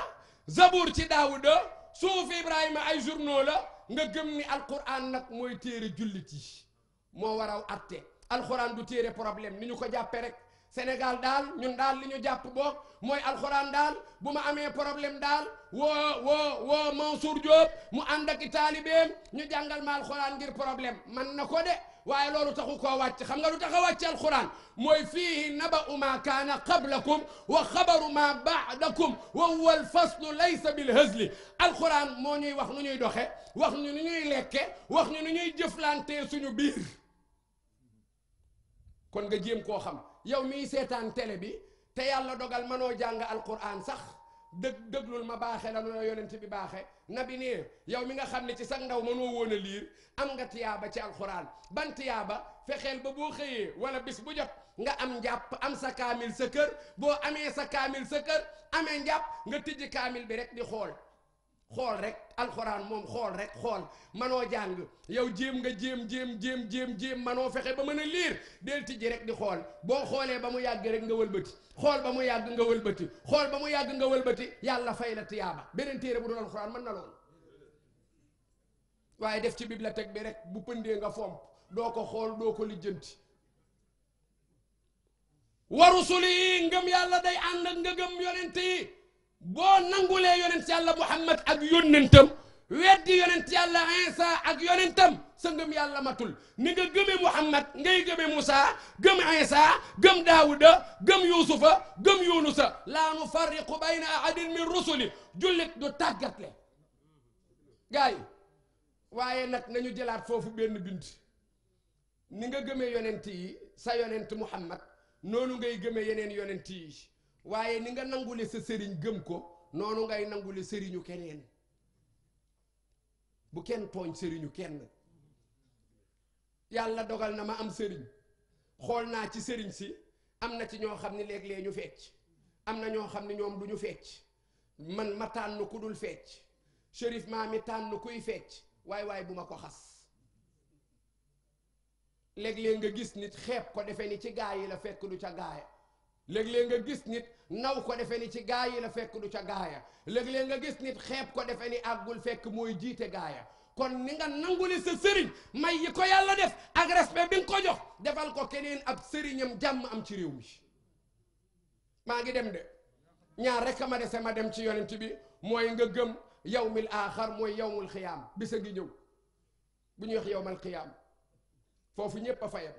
zabuur ci daawuda suuf ibrahima ay journaux la nga gëm ni alquran nag mooy téere jullit moo waraw atte alquran du téere problème ni ñu ko jàppe rek Sénégal daal ñun daal li ñu jàpp boog mooy alxuraan daal bu ma amee problème daal woo woo woo Mansour mu ànd ak i taalibeem ñu jàngal ma alxuraan ngir problème man na ko de waaye loolu taxu ko wàcc xam nga lu tax a wàcc alquran mooy fiihi naba'u ma kaana qablakum wa xabaru ma baadakum wa huwa alfaslu laysa bilhazli alquran moo ñuy wax nu ñuy doxe wax ñu nu ñuy lekke wax ñu nu ñuy jëflante suñu biir kon nga jéem koo xam yow miy seetaan télé bi te yàlla dogal mënoo jàng alquran sax dëgg dëglul ma baaxe la noo yonent bi baaxe nabi nii yow mi nga xam ne ci sa ndaw mënoo woon a liir am nga tiyaaba ci alxuraan ban tiyaaba fexeel ba boo xëyee wala bis bu jot nga am njàpp am sa kaamil sa kër boo amee sa kaamil sa kër amee njàpp nga tijji kaamil bi rek di xool xool rek alxuraan moom xool rek xool manoo jàng yow jéem nga jéem jéem jéem jéem jéem manoo fexe ba mën a liir del ji rek di xool boo xoolee ba mu yàgg rek nga walbati xool ba mu yàgg nga walbati xool ba mu yàgg nga wëlbati yàlla fay la tiyaaba beneen téere bu doon alxuraan mën na loolu waaye def ci bibliothèque bi rek bu pëndee nga fomp doo ko xool doo ko lijjanti warusuli ngëm yàlla day ànd ak nga gëm yonent yi boo nangulee yonent yàlla Muhammad ak yónnentam weddi yonent yàlla Insa ak yonentam sa ngëm yàlla matul ni nga gëmee Muhammad ngay gëmee Moussa gëm Insa gëm Daawuda gëm Yuusufa gëm Yunusa laa nufarriqu bayna ahadin min rusuli jullit du tàggatle gars waaye nag nañu jëlaat foofu benn bind ni nga gëmee yonent sa yonent Muhammad noonu ngay gëmee yeneen yonent yi waaye ni nga nangule sa sëriñ gëm ko noonu ngay nangule sëriñu keneen bu kenn tooñ sëriñu kenn yàlla dogal na ma am sëriñ xool naa ci sëriñ si am na ci ñoo xam ne léeg-léeg ñu fecc am na ñoo xam ne ñoom du ñu fecc man ma tànn ku dul fecc shérif maa mi tànn kuy fecc waaye waaye bu ma ko xas léeg-léeg nga gis nit xeeb ko defe ni ci gaa yi la fekk du ca gaaya léeg-léeg nga gis nit naw ko defe ni ci gaa yi la fekk du ca gaaya léeg-léeg nga gis nit xeeb ko defe ni àggul fekk mooy jiite gaaya kon ni nga nanguli sa sëriñ may yi ko yàlla def ak respect bi nga ko jox defal ko keneen ak sëriñam jàmm am ci réew mi maa ngi dem de ñaar rek ma dese ma dem ci yonent bi mooy nga gëm yawmil aaxar mooy yawmul xiyaam bis sa ngi ñëw bu ñuy wax yawmal xiyaam foofu ñépp a fayam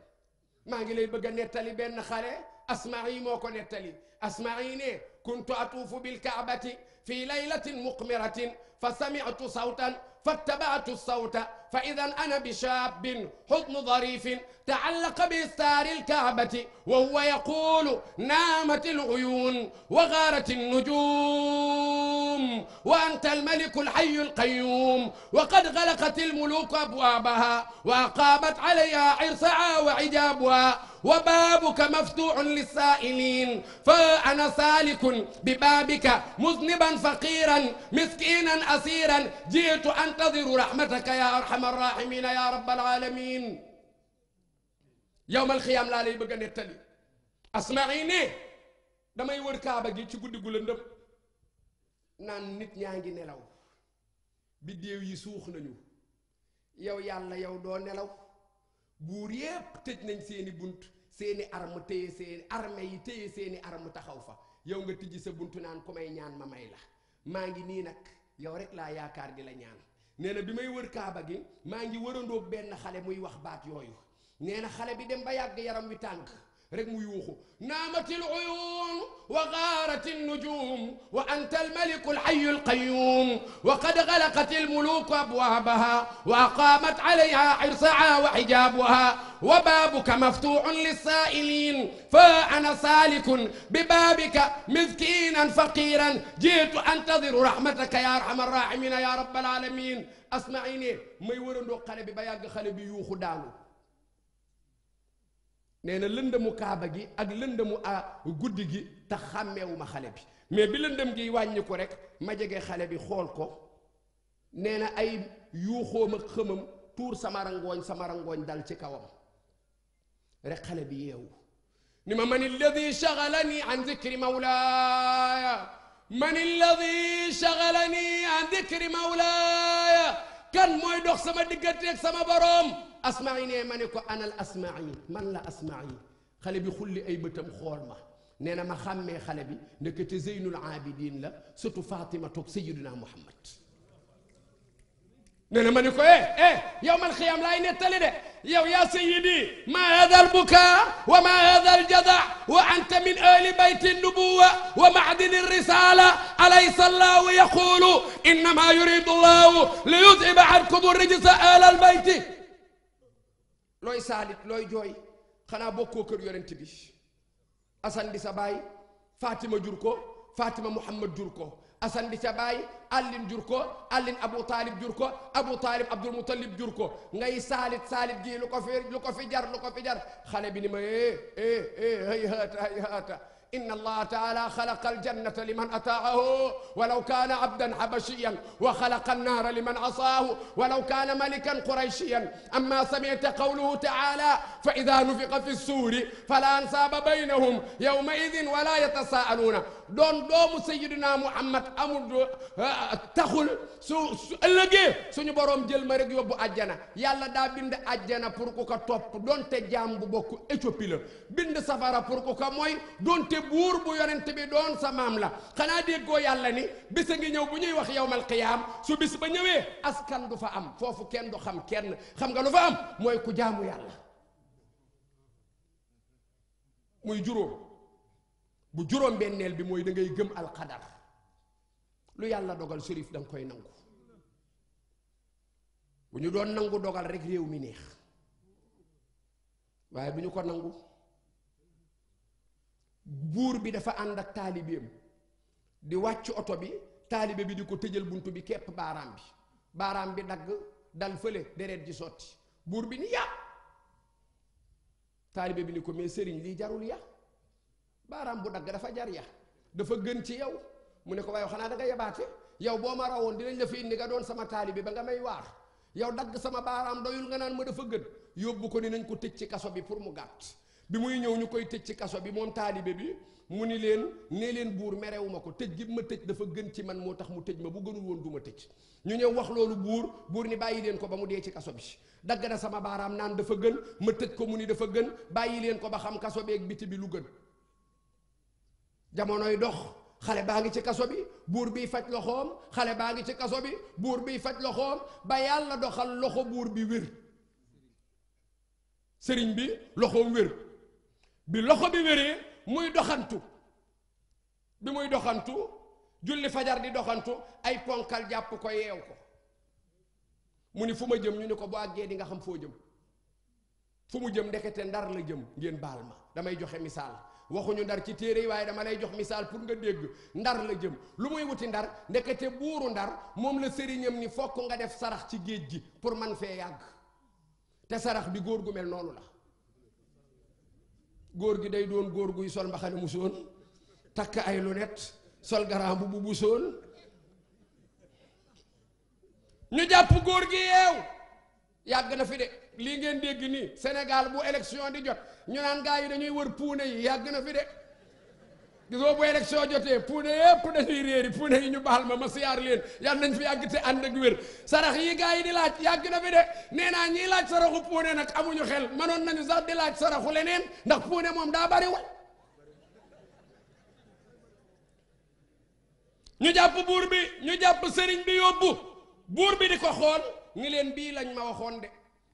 maa ngi lay bëgg a nettali benn xale asmaa yi moo ko nettali asmaa yi ne kuntu atuufu bilkaabati fi laylatin muqmiratin fa samictu sawtan fattabactu sawta fa idan ana bichaabin xusnu darifin tacalaqa bistaari alkaabati wa huwa yaqulu naamat aluyun wa gaarat annujum القيوم وأنت الملك الحي القيوم وقد غلقت الملوك أبوابها وأقامت عليها عرسها وعجابها وبابك مفتوح للسائلين فأنا سالك ببابك مذنبا فقيرا مسكينا أسيرا جئت أنتظر رحمتك يا أرحم الراحمين يا رب العالمين yowm alxiyaam laa lay bëgg a nettali asmaini damay wër kaaba gi ci guddi gu lëndëm naan nit ñaa ngi nelaw biddéew yi suux nañu yow yàlla yow doo nelaw buur yépp tëj nañ seeni bunt seeni arme téye seeni arme yi téye seeni arme taxaw fa yow nga tijji sa bunt naan ku may ñaan ma may la maa ngi nii nag yow rek laa yaakaar gi la ñaan nee na bi may wër kaaba gi maa ngi wërandoo benn xale muy wax baat yooyu nee na xale bi dem ba yàgg yaram wi tànk rek mu yuuxu naamatil uyuun wa gaaratin nujuum wa anta almaliku alxayu alqayuum wa qad galaqat almuluuku abwaabaha wa aqaamat alayha xirsaha wa xijaabuha wa baabuka maftuuxun lissaa'iliin fa ana saalikun bibaabika miskiinan faqiiran jiitu antadiru raxmataka yaa arxama arraahimiina yaa rabbal aalamiin asma'iini may wërandoo xale bi ba yàgg xale bi yuuxu daanu nee na lëndëmu kaaba gi ak lëndëmu a guddi gi tax xàmmeewuma xale bi mais bi lëndëm gi wàññi rek ma jege xale bi xool ko nee na ay yuuxoom ak xëmam tuur sama rangooñ sama dal ci kawam rek xale bi yeewu ni ma man alladi shagalani an dikri mawlaaya man alladi shagalani an dikri mawlaaya kan mooy dox sama digganteeg sama boroom asmaa yi ne ma ne ko anal asmaa yi man la asmaa yi xale bi xulli ay bëtam xool ma nee na ma xàmmee xale bi ndekete zeynul abidin la surtout Fatima toog sayyiduna Muhammad nee na ma ni ko eh eh yow man xiyaam laay nettali de yow yaa sayidi ma hada albuka wa ma hada aljada wa anta min ahli bayti nubuwa wa maadini risala alaysa allahu yaqulu innama yuridu allahu li yudhiba ankum rijsa ahli albayti looy saalit looy jooy xanaa bokkoo kër yonent bi asan di sa baay fatima jur ko fatima muhammad jur ko Assane di ca baay Alioune jur ko Alioune Abu Talib jur ko Abu Talib Abdul Muttalib jur ko ngay saalit saalit gii lu ko fi lu ko fi jar lu ko fi jar xale bi ni ma eh eh eh hayhaata hayhaata inna allaha taala xalaqa aljannata liman ataahu walaw kaana abdan xabashiyan wa xalaqa annaara liman asaahu walaw kaana malikan quraychiyan amma samicta qawluhu taala fa ida nufiqa fi ssuuri fala ansaaba baynahum yawmaidin wala yatasaaluuna doon doomu naa am Muhammad amul euh, taxul su su ëllëgee suñu borom jël ma rek yóbbu àjjana yàlla daa bind àjjana pour ku ko topp donte jaam bu bokk Éthiopie la bind safara pour ku ko mooy donte buur bu yonent bi doon sa maam la xanaa déggoo yàlla ni bés ngi ñëw bu ñuy wax yawmal qiyaam su bis ba ñëwee askan du fa am foofu kenn du xam kenn xam nga lu fa am mooy ku jaamu yàlla muy juróom. bu juróom-benneel bi mooy dangay gëm alxadar lu yàlla dogal sërif da koy nangu bu ñu doon nangu dogal rekk réew mi neex waaye bu ñu ko nangu buur bi dafa ànd ak taalibeem di wàcc oto bi taalibe bi di ko tëjal bunt bi képp baaraam bi baaraam bi dagg dal fële deret ji sotti buur bi ni yàpp taalibe bi ni ko mais sëriñ lii jarul yàpp baaraam bu dagg dafa jar ya dafa gën ci yow mu ne ko waaye xanaa da nga yabaate yow boo ma rawoon dinañ la fi indi nga doon sama taalibe ba nga may waar yow dagg sama baaraam doyul nga naan ma dafa gën yóbbu ko ni nañ ko tëj ci kaso bi pour mu gàtt bi muy ñëw ñu koy tëj ci kaso bi moom taalibe bi mu ni leen nee leen buur merewu ma ko tëj gi ma tëj dafa gën ci man moo tax mu tëj ma bu gënul woon du ma tëj ñu ñëw wax loolu buur buur ni bàyyi leen ko ba mu dee ci kaso bi dagg na sama baaraam naan dafa gën ma tëj ko mu ni dafa gën bàyyi leen ko ba xam kaso beeg biti bi lu gën jamonoy dox xale baa ngi ci kaso bi buur biy faj loxoom xale baa ngi ci kaso bi buur biy faj loxoom ba yàlla doxal loxo buur bi wér sëriñ bi loxoom wér bi loxo bi wéree muy doxantu bi muy doxantu julli fajar di doxantu ay ponkal jàpp ko yeew ko mu ni fu ma jëm ñu ni ko bu àggee di nga xam foo jëm fu mu jëm ndekete ndar la jëm ngeen baal ma damay joxe misaal waxuñu ndar ci téere yi waaye dama lay jox misaal pour nga dégg ndar la jëm lu muy wuti ndar ndekete buuru ndar moom la sëriñam ni fokk nga def sarax ci géej gi pour man fee yàgg te sarax bi góor gu mel noonu la góor gi day doon góor guy sol mbaxane mu soon takk ay lunettes sol garaam bu bu ñu jàpp góor gi yeew yàgg na fi de lii ngeen dégg nii Sénégal bu élection di jot ñu naan gaa yi dañuy wër puune yi yàgg na fi de gisoo bu élection jotee puune yëpp dañuy réeri puune yi ñu baal ma ma siyaar leen yal nañ fi yàgg te ànd ak wér sarax yi gaa yi di laaj yàgg na fi de nee naa laaj saraxu puune nag amuñu xel manoon nañu sax di laaj saraxu leneen ndax puune moom daa bariwul ñu jàpp buur bi ñu jàpp sëriñ bi yóbbu buur bi di ko xool ni leen bii lañ ma waxoon de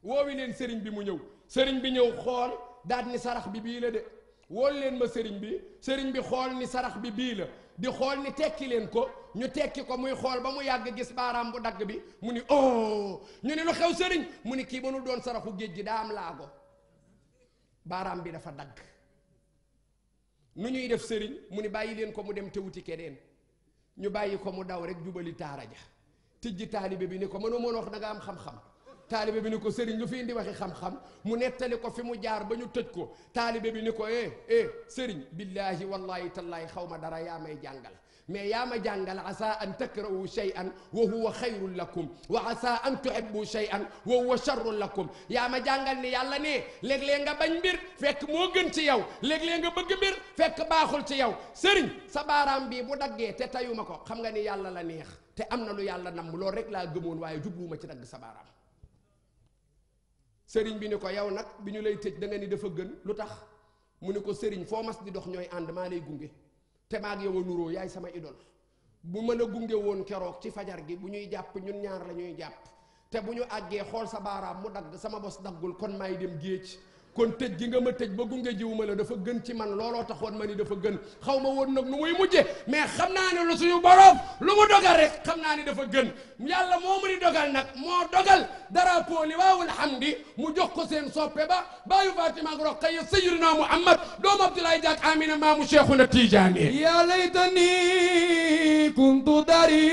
woowi sëriñ bi mu ñëw sëriñ bi ñëw xool daal ni sarax bi bii la de wool leen ma sëriñ bi sëriñ bi xool ni sarax bi bii la di xool ni tekki leen ko ñu tekki ko muy xool ba mu yàgg gis baaraam bu dagg bi mu ni oh ñu ni lu xew sëriñ mu ni kii mënul doon saraxu géej gi daa am laago baaraam bi dafa dagg nu ñuy def sëriñ mu ni bàyyi leen ko mu dem te wuti keneen ñu bàyyi ko mu daw rek jubali taara ja tijji taalibe bi ni ko mënu mën wax da nga am xam taalibe bi ni ko sëriñ lu fi ndi waxi xam-xam mu nettali ko fi mu jaar ba ñu tëj ko taalibe bi ni ko eh eh sëriñ billaahi wallaahi tallaahi xaw ma dara yaa may jàngal mais yaa ma jàngal asa an takrahu shay'an wa huwa xayrun lakum wa asa an tuhibbu shay'an wa huwa sharrun lakum yaa ma jàngal ni yàlla ne léeg-léeg nga bañ mbir fekk moo gën ci yow léeg-léeg nga bëgg fekk baaxul ci yow sëriñ sa baaraam bii bu daggee te tayuma ko xam nga ni yàlla la neex te am na lu yàlla namm rek laa gëmoon waaye jubluwuma ci dagg sa baaraam sëriñ bi ni ko yow nag bi ñu lay tëj da nga ni dafa gën lu tax mu ni ko sëriñ foo mas di dox ñooy ànd maa lay gunge te maag yow a nuroo yaay sama idol bu mën a gunge woon keroog ci fajar gi bu ñuy jàpp ñun ñaar la ñuy jàpp te bu ñu àggee xool sa baaraam mu dagg sama bos daggul kon maay dem géej kon tëj gi nga ma tëj ba gunge jiwu ma la dafa gën ci man looloo taxoon ma ni dafa gën xaw ma woon nag nu muy mujje mais xam naa ne lu suñu borom lu mu dogal rek xam naa ni dafa gën yàlla moo mu di dogal nag moo dogal drapeau li waawul hamdi mu jox ko seen soppe ba baayu Fatima ak Roqaya Sayyidina Muhammad doomu Abdoulaye Diak Amina maamu Cheikhuna Tijaani ya laytani kuntu dari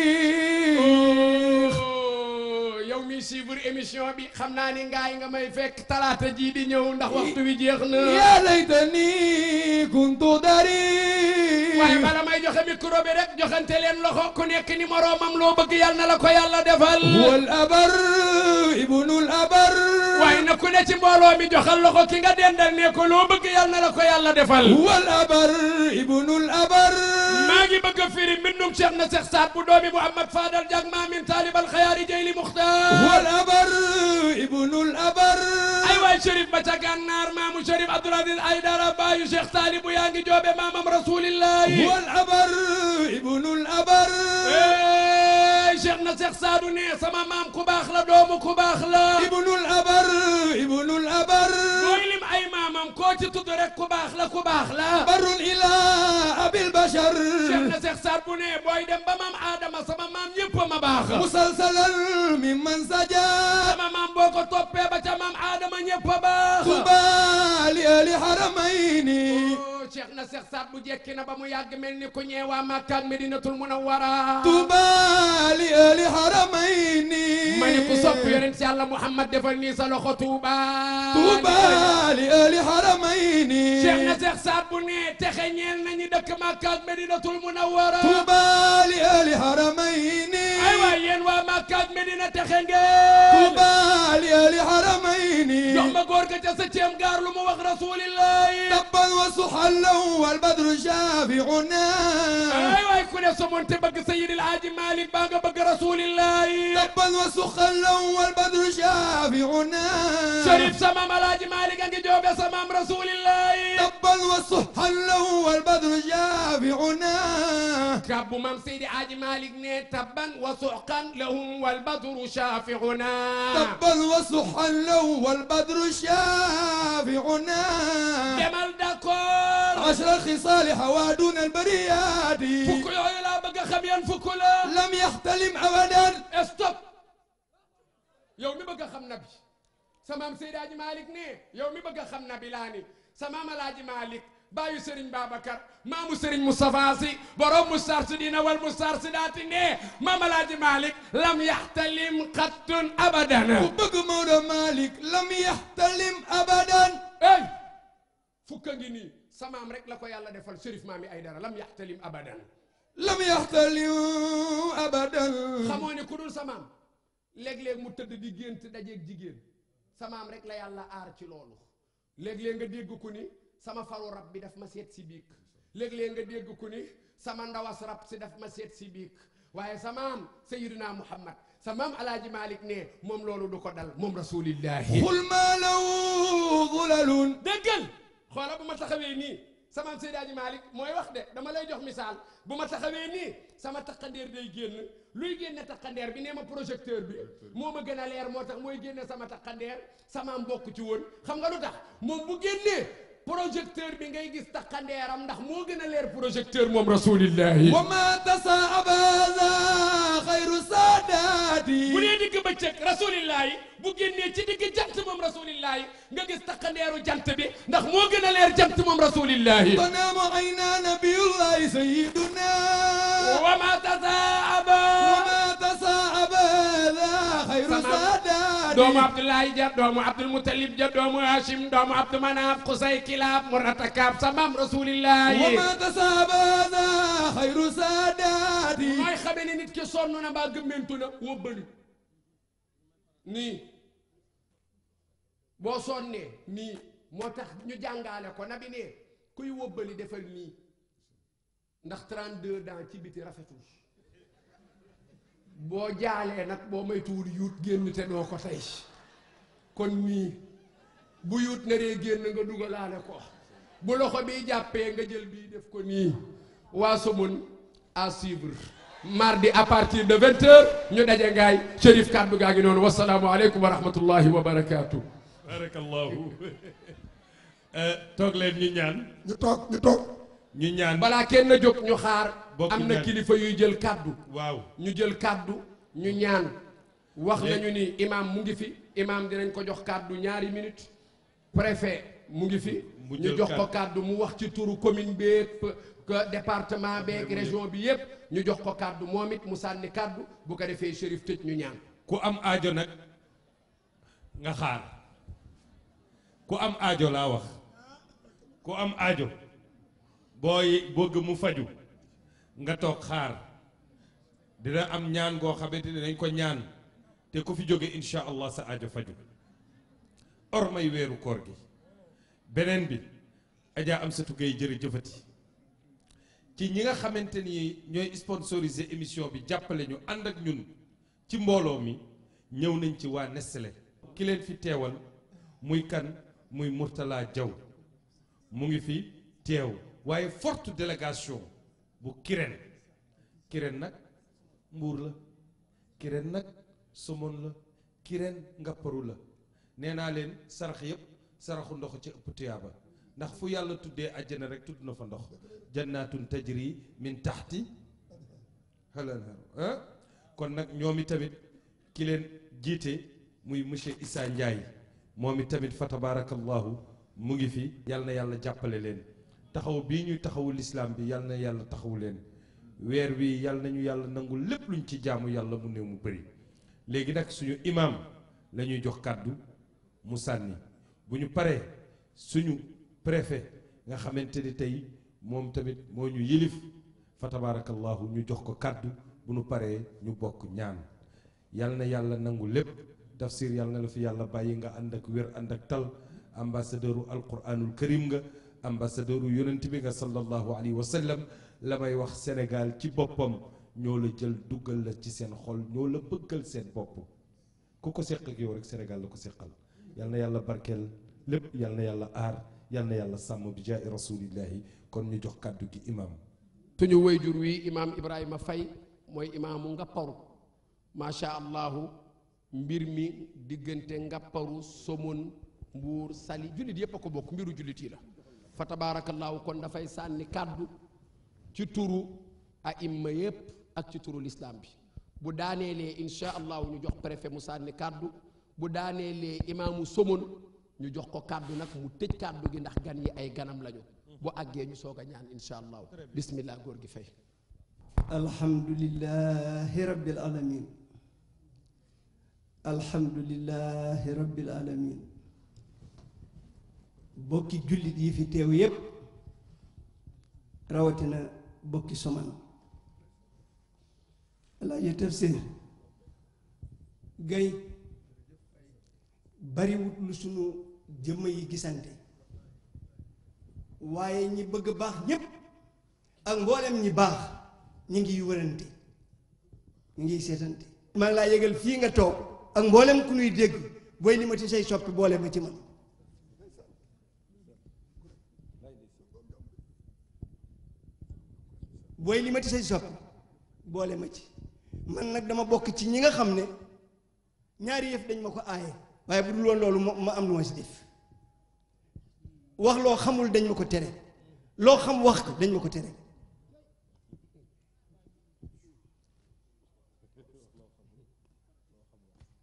ñuy suivre émission bi xam naa ni ngaay nga may fekk talaata jii di ñëw ndax waxtu wi jeex na. yaa laytani kuntu dari. waaye bala may joxe micro bi rek joxante leen loxo ku nekk ni moroomam loo bëgg yàlla na la ko yàlla defal. wal abar ibnul abar. waaye na ku ne ci mbooloo mi joxal loxo ki nga dendal ne ko loo bëgg yàlla na la ko yàlla defal. wal abar ibnul abar. maa ngi bëgg a firi mbindum Cheikh na Cheikh Saad bu doomi bu am ak Fadal jag maamin taalibal xayaari jayli muxtaar wal abar ibnul abar ay waay Chérif ba ca gànnaar maamu Chérif Abdoul Aziz Aydara baayu Cheikh Talibu yaa ngi joobe maamam rasulillahi wal abar ibnul abar cheikh na cheikh Saadu ne sama maam ku baax la doomu ku baax la. ibnul abar ibnul abar. mooy lim ay maamam koo ci tudd rek ku baax la ku baax la. barun ila abil bashar. cheikh na cheikh Saad bu ne booy dem ba maam Adama sama maam ñëpp ma baax. musalsalan mi man saja. sama maam boo ko toppee ba ca maam Adama ñëpp a baax. tuba li ali haramayni cheikh na cheikh saat bu jekki na ba mu yàgg mel ni ku ñeewaa màkkaak medinatul munawwara tuubaali ali haramayni ma ni ku sopp yonent si yàlla muhammad defal nii sa loxo tuuba tuubaali ali haramayni cheikh na cheikh saat bu nee texe ñeel nañu dëkk màkkaak medinatul munawwara tuubaali ali haramayni ay waay yéen waa màkkaak medina texe ngeen ba góor ga ca sa ceem gaar lu mu wax rasulillahi tabban wa suxal lahu wal badru shafiuna ay waay ku ne somonte bëgg sayid alhaaji malik baa nga bëgg rasulillahi tabban wa suxal lahu wal badru shafiuna sharif sama alhaaji malik a ngi joobe samaam rasulillahi ربا وصحا له والبدر جافعنا كاب مام سيدي عاج مالك ني تبا وسحقا لهم والبدر شافعنا تبا وسحقا له والبدر شافعنا جمال داكور عشر خصال حوادون البريات فكل لا بقى خميان فكل لم يحتلم ابدا استوب يومي بقى خم نبي سمام سيدي عاج مالك ني يومي بقى خم نبي لاني sa maam alaaji Malick baayu Serigne Babacar maamu Serigne Moustapha Sy borom mustarsidina wal mustarsidaati ne maam alaaji Malick lam yaxtalim xattun abadan ku lam yaxtalim abadan ey fukka ngi nii sa maam rek la ko yàlla defal Chérif Maami Aydara lam yaxtalim abadan lam yaxtalim abadan xamoo ne mu tëdd di gént dajeeg jigéen sa maam rek la yàlla aar ci loolu léeg-léeg nga dégg ku ni sama faru rab bi daf ma seet si biig léeg-léeg nga dégg ku ni sama ndawas rab si daf ma seet si biig waaye samaam sayiduna muhammad samaam alaaji malik nee moom loolu du ko dal moom rasulillahi xul maa law dulalun déggal xoola bu ma taxawee ni sama sayid alaaji malik mooy wax de dama lay jox misaal bu ma taxawee ni sama taqandeer day génn luy génne takkandeer bi nee ma projecteur bi moo ma gën a leer moo tax mooy génne sama takkandeer sama mbokk ci woon xam nga lu tax moom bu génnee projecteur bi ngay gis takkandeeram ndax moo gën a leer projecteur moom rasulillahi wa ma tasaaba xayru saadaati bu dee digg bëccëg rasulillahi bu génnee ci digg jant moom rasulillahi nga gis takkandeeru jant bi ndax moo gën a leer jant moom rasulillahi tanaamu ayna nabiyullahi sayyiduna wa ma tasaaba doomu Abdoulaye ja doomu Abdul Mutalib ja doomu Hashim doomu Abdu Manaaf Xusay Kilaab Murnata Kaab Samam Rasulillahi. wa maa tasaabada xayru saadaati. mooy xamee ne nit ki sonn na mbaa gëmmentu na wóbbali nii boo sonnee nii moo tax ñu jàngaale ko na bi ne kuy wóbbali defal nii ndax 32 daan ci biti rafetul. boo jaalee nag boo maytuwul yuut génn te doo ko tey kon nii bu yuut naree génn nga dugalaale ko bu loxo bi jàppee nga jël bii def ko nii waa Wassoumone à suivre mardi à partir de vingt heures ñu daje ngaay Chérif kàddu gaa ngi noonu wasalaamualeykum wa rahmatullahi wa barakaatu. barakallahu euh, toog leen ñu ñaan. ñu toog ñu toog. ñu ñaan balaa kenn jóg ñu xaar. am na kilifa yuy jël kàddu waaw ñu jël kàddu ñu ñaan. wax nañu ni imaam mu ngi fi imaam dinañ ko jox kàddu ñaari minutes. préfet mu ngi fi. ñu jox ko kàddu mu wax ci turu commune bépp département beeg région bi yépp ñu jox ko kàddu moom it mu sànni kàddu bu ko defee shérif tëj ñu ñaan. ku am aajo nag nga xaar ku am ajo laa wax ku am ajo booy bëgg mu faju nga toog xaar dina am ñaan goo xamante ne dañ ko ñaan te ku fi jóge incha allah sa aajo faju or weeru koor gi beneen bi ajaa am sa satu gay jërëjëfati ci ñi nga xamante ni ñooy sponsoriser émission bi jàppale ñu ànd ak ñun ci mbooloo mi ñëw nañ ci waa Nestlé ki leen fi teewal muy kan muy Mourtala Diaw mu ngi fi teew waaye fort délégation bu Kirène Kirène nag Mbuur la Kirène nag Somone la Kirène Ngapparu la nee naa leen sarax yëpp saraxu ndox ci ëpp tuyaaba ndax fu yàlla tuddee àjjana rek tudd na fa ndox jannaatun tajri min taxti ah kon nag ñoomi tamit ki leen jiite muy monsieur Issa Ndiaye moom i tamit fa tabarakallahu mu ngi fi yàlla na yàlla jàppale leen taxaw bii ñuy taxawu lislaam bi yal na yàlla taxawu leen weer wi yal nañu yàlla nangul lépp luñ ci jaamu yàlla mu néew mu bëri léegi nag suñu imaam la ñuy jox kàddu mu sànni bu ñu paree suñu préfet nga xamante ni tey moom tamit moo ñu yilif fa tabaarakallaahu ñu jox ko kàddu bu nu paree ñu bokk ñaan yàlla na yàlla nangu lépp tafsir yal na la yàlla bàyyi nga ànd ak wér ànd ak tal ambassadeuru alquranul karim nga ambassadeur u yonent bi nga sallallahu alayhi wa la may wax Sénégal ci boppam ñoo la jël duggal la ci seen xol ñoo la bëggal seen bopp ku ko seq ak yow rek Sénégal la ko seqal yal na yàlla barkeel lépp yal na yàlla aar yal yàlla sàmm bi jaay rasulillahi kon ñu jox kàddu gi imaam suñu wayjur wi imaam Ibrahima Faye mooy imaamu Ngapparu macha allahu mbir mi diggante Ngapparu Somone Mbuur Sali jullit yépp a ko bokk mbiru jullit yi la fa tabaarakallaahu kon dafay sànni kàddu ci turu aimma yépp ak ci turu lislaam bi bu daaneelee insha allahu ñu jox préfet mu sànni kàddu bu daaneelee imaamu somon ñu jox ko kàddu nag mu tëj kàddu gi ndax gan yi ay ganam lañu bu àggee ñu soog a ñaan insha allah bismillah góor gi fay alhamdulillahi rabbil alamin alamin bokki jullit yi fi teew yépp rawatina bokki soman alaaji tafsir gay bariwut lu suñu jëmm yi gisante waaye ñi bëgg baax ñépp ak mboolem ñi baax ñi ngi wërante ñi ngi seetante maa ngi laa yëgal fii nga toog ak mboolem ku nuy dégg booy limati say soppi boole ma ci man booy li ma ci boole ma ci man nag dama bokk ci ñi nga xam ne ñaari yëf dañ ma ko aaye waaye bu dul woon loolu ma am lu ma def wax loo xamul dañ ma ko tere loo xam wax ko dañ ma ko tere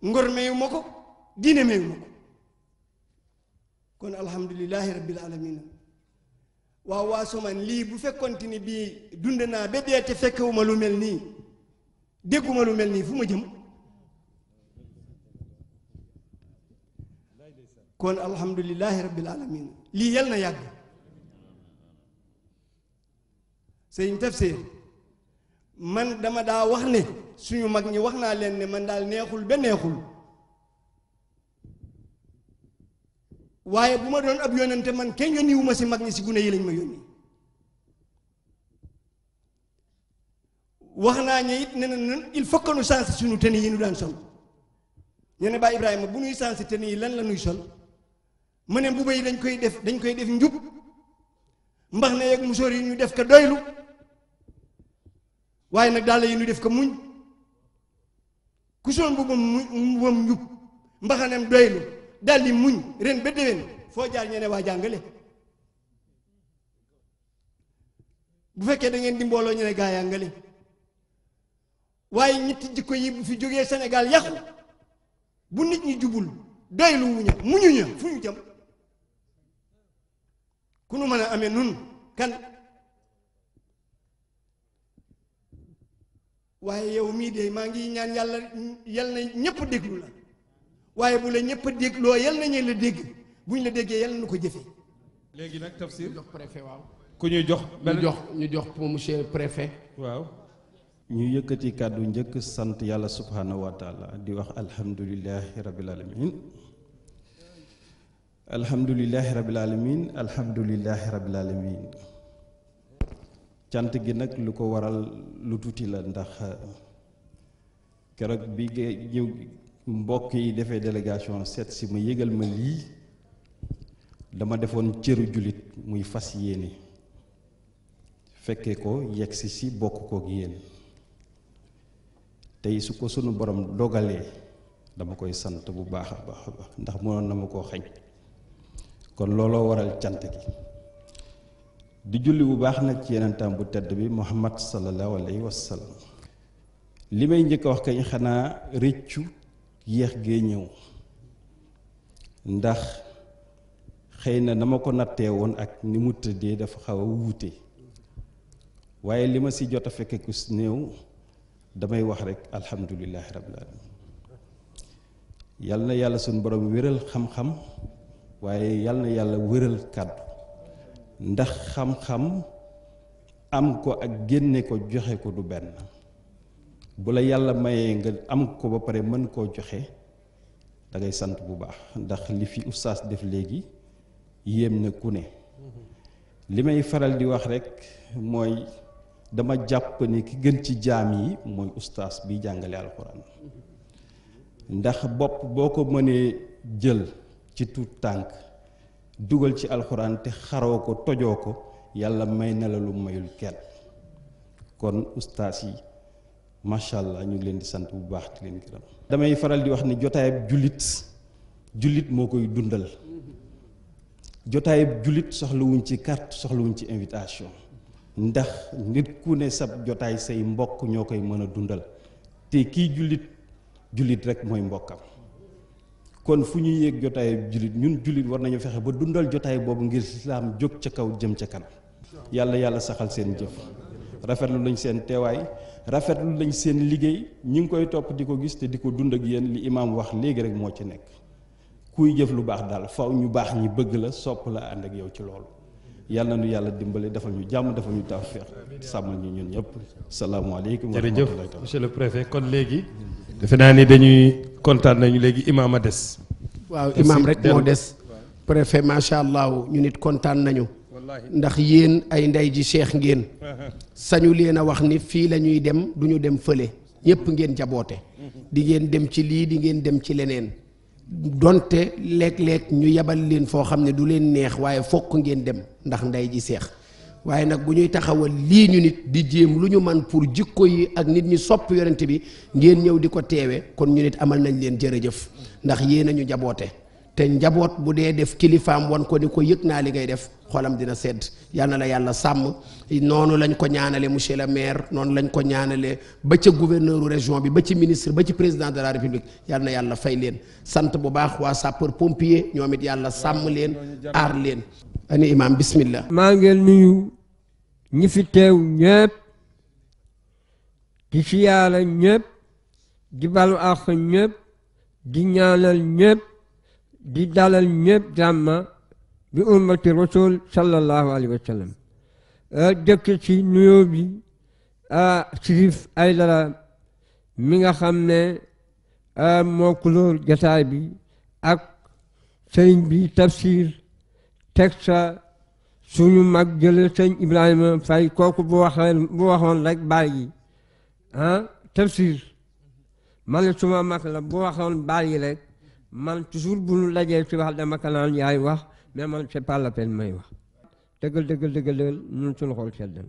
ngor meyu ko diine meyu ma ko kon alhamdulilahi rabbil alamina waaw waa Soman lii bu fekkonte ni bii dund naa ba dee te fekkewuma lu mel nii dégguma lu mel nii fu ma jëm kon alhamdulilahi rabbil alamin lii yal na yàgg sëñ Tafsir man dama daa wax ne suñu mag ñi wax naa leen ne man daal neexul ba neexul waaye bu ma doon ab yónnante man kenn yónniwu ma si mag ñi si gune yi lañ ma yónni wax naa ñu it ne na il faut que nu sens suñu tenue yi nu daan sol ñu ne Baay Ibrahima bu ñuy sens tenue yi lan la nuy sol mu ne mbuba yi dañ koy def dañ koy def njub mbax na yeeg musóor yi ñu def ko doylu waaye nag daal yi ñu def ko muñ ku sol mbuba mu mbubaam njub mbaxaneem doylu daal di muñ ren ba déwén foo jaar ñu ne waa jàngale bu fekkee da ngeen di mbooloo ñu ne waaye ñetti jikko yi bu fi jógee Sénégal yàqu bu nit ñi jubul doy lu wuña muñuña fu ñu jëm ku nu mën amee nun kan waaye yow mii de maa ngi ñaan yàlla yal ñépp déglu la waaye bu la ñëpp a dégg loo yal nañu la dégg bu ñu la déggee yal na ko jëfee. léegi nag tafsir jox préfet ku ñuy jox ñu jox ñu jox pour monsieur préfet. waaw. ñu yëkkati kàddu njëkk sant yàlla subhaanahu wa di wax alhamdulilahi rabil alamin alhamdulilahi rabil alamin cant gi nag lu ko waral lu tuuti la ndax keroog bi ñu mbokk yi defee délégation seet si ma yëgal ma lii dama defoon cëru jullit muy fas yéene fekke ko yegsi si bokk kook yéen tey su ko sunu borom dogalee dama koy sant bu baax a baax a ndax mënoon na ma koo xañ kon looloo waral cant gi di julli bu baax nag ci yenentaam bu tedd bi muhammad sallallahu alayhi wa li may njëkk a wax kañ xanaa rëccu yéex gee ñëw ndax xëy na na ma ko nattee woon ak ni mu tëddee dafa xaw a wuute waaye li ma ci jot a fekke ku néew damay wax rek alhamdulilahi rab alamin yal na yàlla suñ borom wéral xam-xam waaye yal na yàlla wéral kàddu ndax xam-xam am ko ak génne ko joxe ko du benn bu la yàlla mayee nga am ko ba pare mën koo joxe dangay sant bu baax ndax li fi oustaz def léegi yéem na ku ne li may faral di wax rekk mooy dama jàpp ni ki gën ci jaam yi mooy oustaz bi jàngale alxuraan ndax bopp boo ko mënee jël ci tuut tànk dugal ci alxuraan te xaroo ko tojoo ko yàlla may na lu mayul kenn kon oustaz yi macha allah ñu ngi leen di sant bu baax di damay faral di wax ni jotaayab jullit jullit moo koy dundal jotaayab jullit soxlawuñ ci carte soxlawuñ ci invitation ndax nit ku ne sab jotaay say mbokk ñoo koy mën a dundal te kii jullit jullit rek mooy mbokkam kon fu ñuy yéeg jotaayab jullit ñun jullit war nañu fexe ba dundal jotaay boobu ngir islaam jóg ca kaw jëm ca kanam yàlla yàlla saxal seen jëf rafetlu nañ seen teewaay rafetlu lañ seen liggéey ñi ngi koy topp di ko gis te di ko dund ak yéen li imaam wax léegi rek moo ci nekk kuy jëf lu baax daal faw ñu baax ñi bëgg la sopp la ànd ak yow ci loolu yàlla na nu yàlla dimbale defal ñu jàmm defal ñu tawfeex sàmmal ñu ñun ñëpp salaamaaleykum jërëjëf monsieur le préfet kon léegi defe naa ni dañuy kontaan nañu léegi imaam a des waaw imaam rek moo des préfet macha allah ñu nit kontaan nañu ndax yéen ay ndey ji cheikh ngeen sañu leen a wax ni fii la ñuy dem du ñu dem fële ñépp ngeen jaboote di ngeen dem ci lii di ngeen dem ci leneen donte léeg-léeg ñu yebal leen foo xam ne du leen neex waaye fokk ngeen dem ndax ndey ji seex waaye nag bu ñuy taxawal lii ñu nit di jéem lu ñu man pour jikko yi ak nit ñi sopp yonent bi ngeen ñëw di ko teewe kon ñu nit amal nañ leen jërëjëf ndax yéen ñu jaboote te njaboot bu dee def kilifaam wan ko ni ko yëg naa li ngay def xolam dina sedd yal na la yàlla sàmm noonu lañ ko ñaanale monsieur le maire noonu lañ ko ñaanale ba ca gouverneur région bi ba ci ministre ba ci président de la république yal na yàlla fay leen sant bu baax waa sapeur pompier ñoom it yàlla sàmm leen aar leen ani imaam bismillah maa ngeen ñi fi teew ñëpp di siyaara ñëpp di balu àq ñëpp di ñaanal ñëpp di dalal ñëpp jàmm bi ummati rasul sallallahu alayhi wa euh, dëkk ci nuyoo bi Chérif Aïdara mi nga xam ne moo kulóor jataay bi ak sëriñ bi tafsir teg sa suñu mag jële sëñ ibrahim Fay kooku bu waxee bu waxoon rek bàyyi ah tafsir man suma mag la bu waxoon bàyyi rek man toujours bu nu lajee ci wax dama ko naan yaay wax mais man c'est pas la peine may wax dëggal dëggal dëggal ñun suñu xol sedd na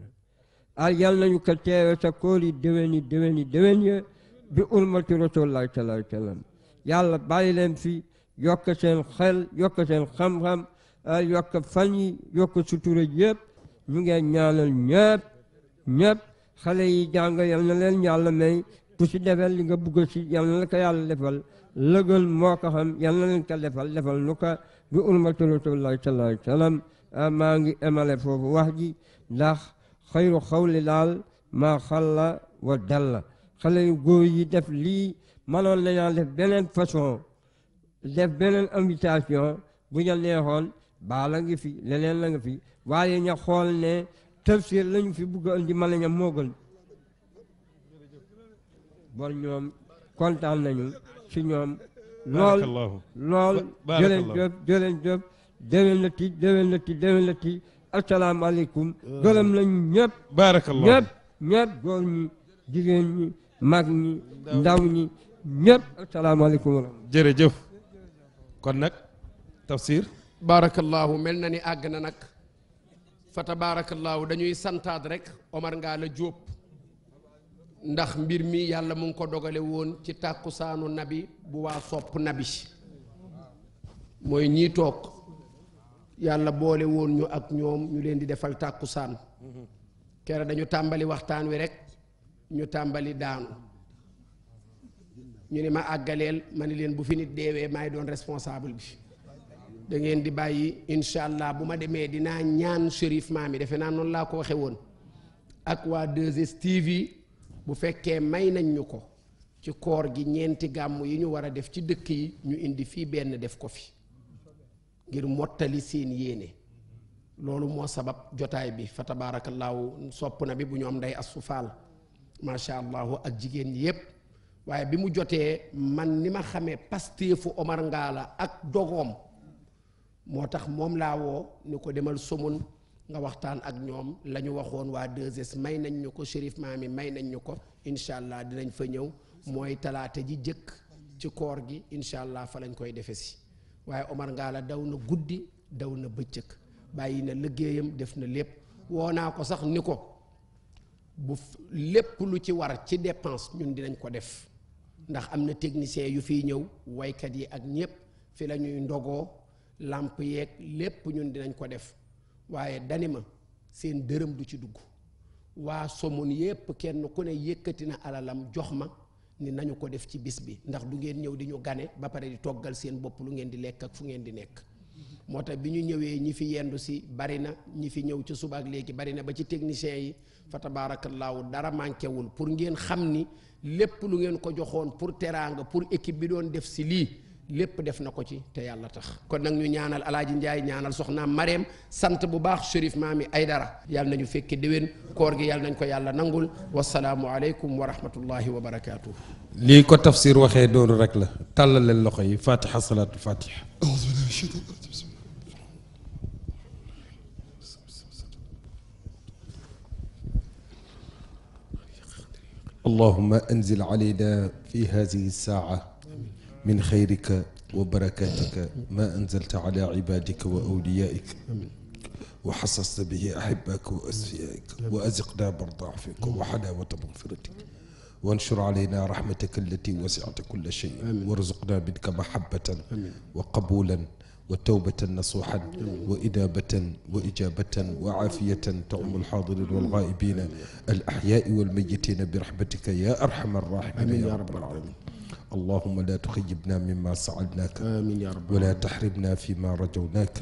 al yàlla nañu ko teewe sa kóor yi déwén yi déwén yi déwén ya bi urmati rasulullah sallallahu alayhi wa yàlla bàyyi leen fi yokk seen xel yokk seen xam-xam yokk fan yi yokk sutura yëpp ñu ngi ñaanal ñëpp ñëpp xale yi jàng yal na leen yàlla may bu ci defal li nga bëgg ci yal na yàlla defal lëgal moo ko xam yal na leen ko defal defal nu ko bi urmati rasulillahi sallallahu ah, maa ngi emale foofu wax ji ndax xayru xawli daal maa xalla wa dalla xale yu góor yi def lii manoon nañaa def beneen façon def beneen invitation bu ñu neexoon baala ngi fi leneen la nga fi waaye ña xool ne tafsir lañu fi bëgg indi mën nañu moo gën bon ñoom kontaan nañu ci ñoom lool lool jërëjëf jëf jërëjëf déwén na ti déwén na ti déwén na ti asalaamaaleykum ah. gërëm nañ ñëpp baarakallah ñëpp ñëpp góor ñi jigéen ñi mag ñi ndaw ñi ñëpp asalaamaaleykum wa rahmatulah jërëjëf kon nag tafsir baarakallahu mel na ni àgg na nag fa tabaarakallaahu dañuy santaat rek Omar Ngalla Diop ndax mbir mi yàlla mu ngi ko dogale woon ci tàkku tàkkusaanu nabi bu waa sopp nabi mooy ñii toog yàlla boole woon ñu ak ñoom ñu leen di defal tàkkusaan kere dañu tàmbali waxtaan wi rek ñu tàmbali daanu ñu ne ma àggaleel ma ni leen bu fi nit deewee maay doon responsable bi da di bàyyi incha allah bu ma demee dinaa ñaan shérif maam yi defe naa noonu laa ko waxe woon ak waa 2 bu fekkee may nañ ñu ko ci koor gi ñeenti gàmm yi ñu war a def ci dëkk yi ñu indi fii benn def ko fi ngir mottali seen yéene loolu moo sabab jotaay bi fa tabaarakallaahu sopp na bi bu ñoom day assu faal macha allahu ak jigéen ñi yépp waaye bi mu jotee man ni ma xamee pasteefu Omar Ngalla ak dogoom moo tax moom laa woo ni ko demal somun nga waxtaan ak ñoom la ñu waxoon waa 2S may nañ ñu ko Chérif Maami may nañ ñu ko incha allah dinañ fa ñëw mooy talaata ji jëkk ci koor gi incha allah fa lañ koy defe si waaye Omar Ngalla daw na guddi daw na bëccëg bàyyi na liggéeyam def na lépp woo naa ko sax ni ko bu lépp lu ci war ci dépense ñun dinañ ko def ndax am na technicien yu fiy ñëw woykat yi ak ñépp fi la ñuy ndogoo làmp yeeg lépp ñun dinañ ko def waaye dani ma seen dërëm du ci dugg waa somoon yépp kenn ku ne yëkkati na alalam jox ma ni nañu ko def ci bis bi ndax du ngeen ñëw di ñu gane ba pare di toggal seen bopp lu ngeen di lekk ak fu ngeen di nekk moo tax bi ñu ñëwee ñi fi yendu si bari na ñi fi ñëw ci subaak léegi bari na ba ci technicien yi fa tabaarakallaahu dara manquéwul pour ngeen xam ni lépp lu ngeen ko joxoon pour teraanga pour équipe bi doon def si lii lépp def na ko ci te yàlla tax kon nag ñu ñaanal alaaji Njaay ñaanal soxnaam Mareem sant bu baax Chérif Maami Aydara yàlla ñu fekke déwén koor gi yàlla nañ ko yàlla nangul wasalaamu aleykum wa rahmatullahi wa barakaatu. lii ko tafsir waxee doonu rek la tàllal leen loxo yi fatiha salaatul fatiha allahumma anzil alayna fi hadihi saa min xayrika wa barakatika ma anzalta ala ibadika wa awliyaika wa xasasta bihi ahibaka wa asfiyaika wa aziqna bardaafika wa xalaawata magfiratika wansur alayna rahmataka allati wasiata kulla shay warzuqna minka mahabatan wa qabulan wa tawbatan nasuuxan wa inaabatan wa ijaabatan wa caafiyatan tacmu alxaadiriin walgaa'ibiina al axyaai walmayitiina bi raxmatika yaa arxama arraaximiin yaa rabbal aalamiin allahuma la tuxijibna mima saadnaaka amiin yaa rabbi wala taxrimna fi ma rajawnaak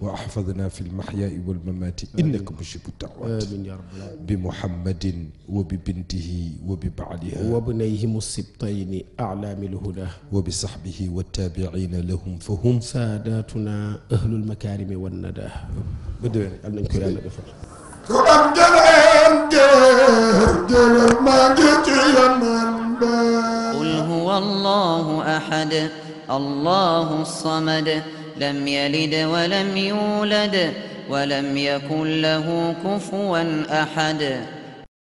wa axfadna fi lmaxyaai walmamaati innaka mujibu daawaat amiin yaa rabbi bi muhammadin wa bi bintihi wa bi baaliha wa bnayhim sibtayni alaamil huda wa bi saxbihi wattaabiciina lahum fa hum saadaatuna ahlul makaarimi wannada ba déwén am nañ ko yàlla defal ku am jëleen jër jëlal maa ngi ci yonan ba هو الله أحد الله الصمد لم يلد ولم يولد ولم يكن له كفوا أحد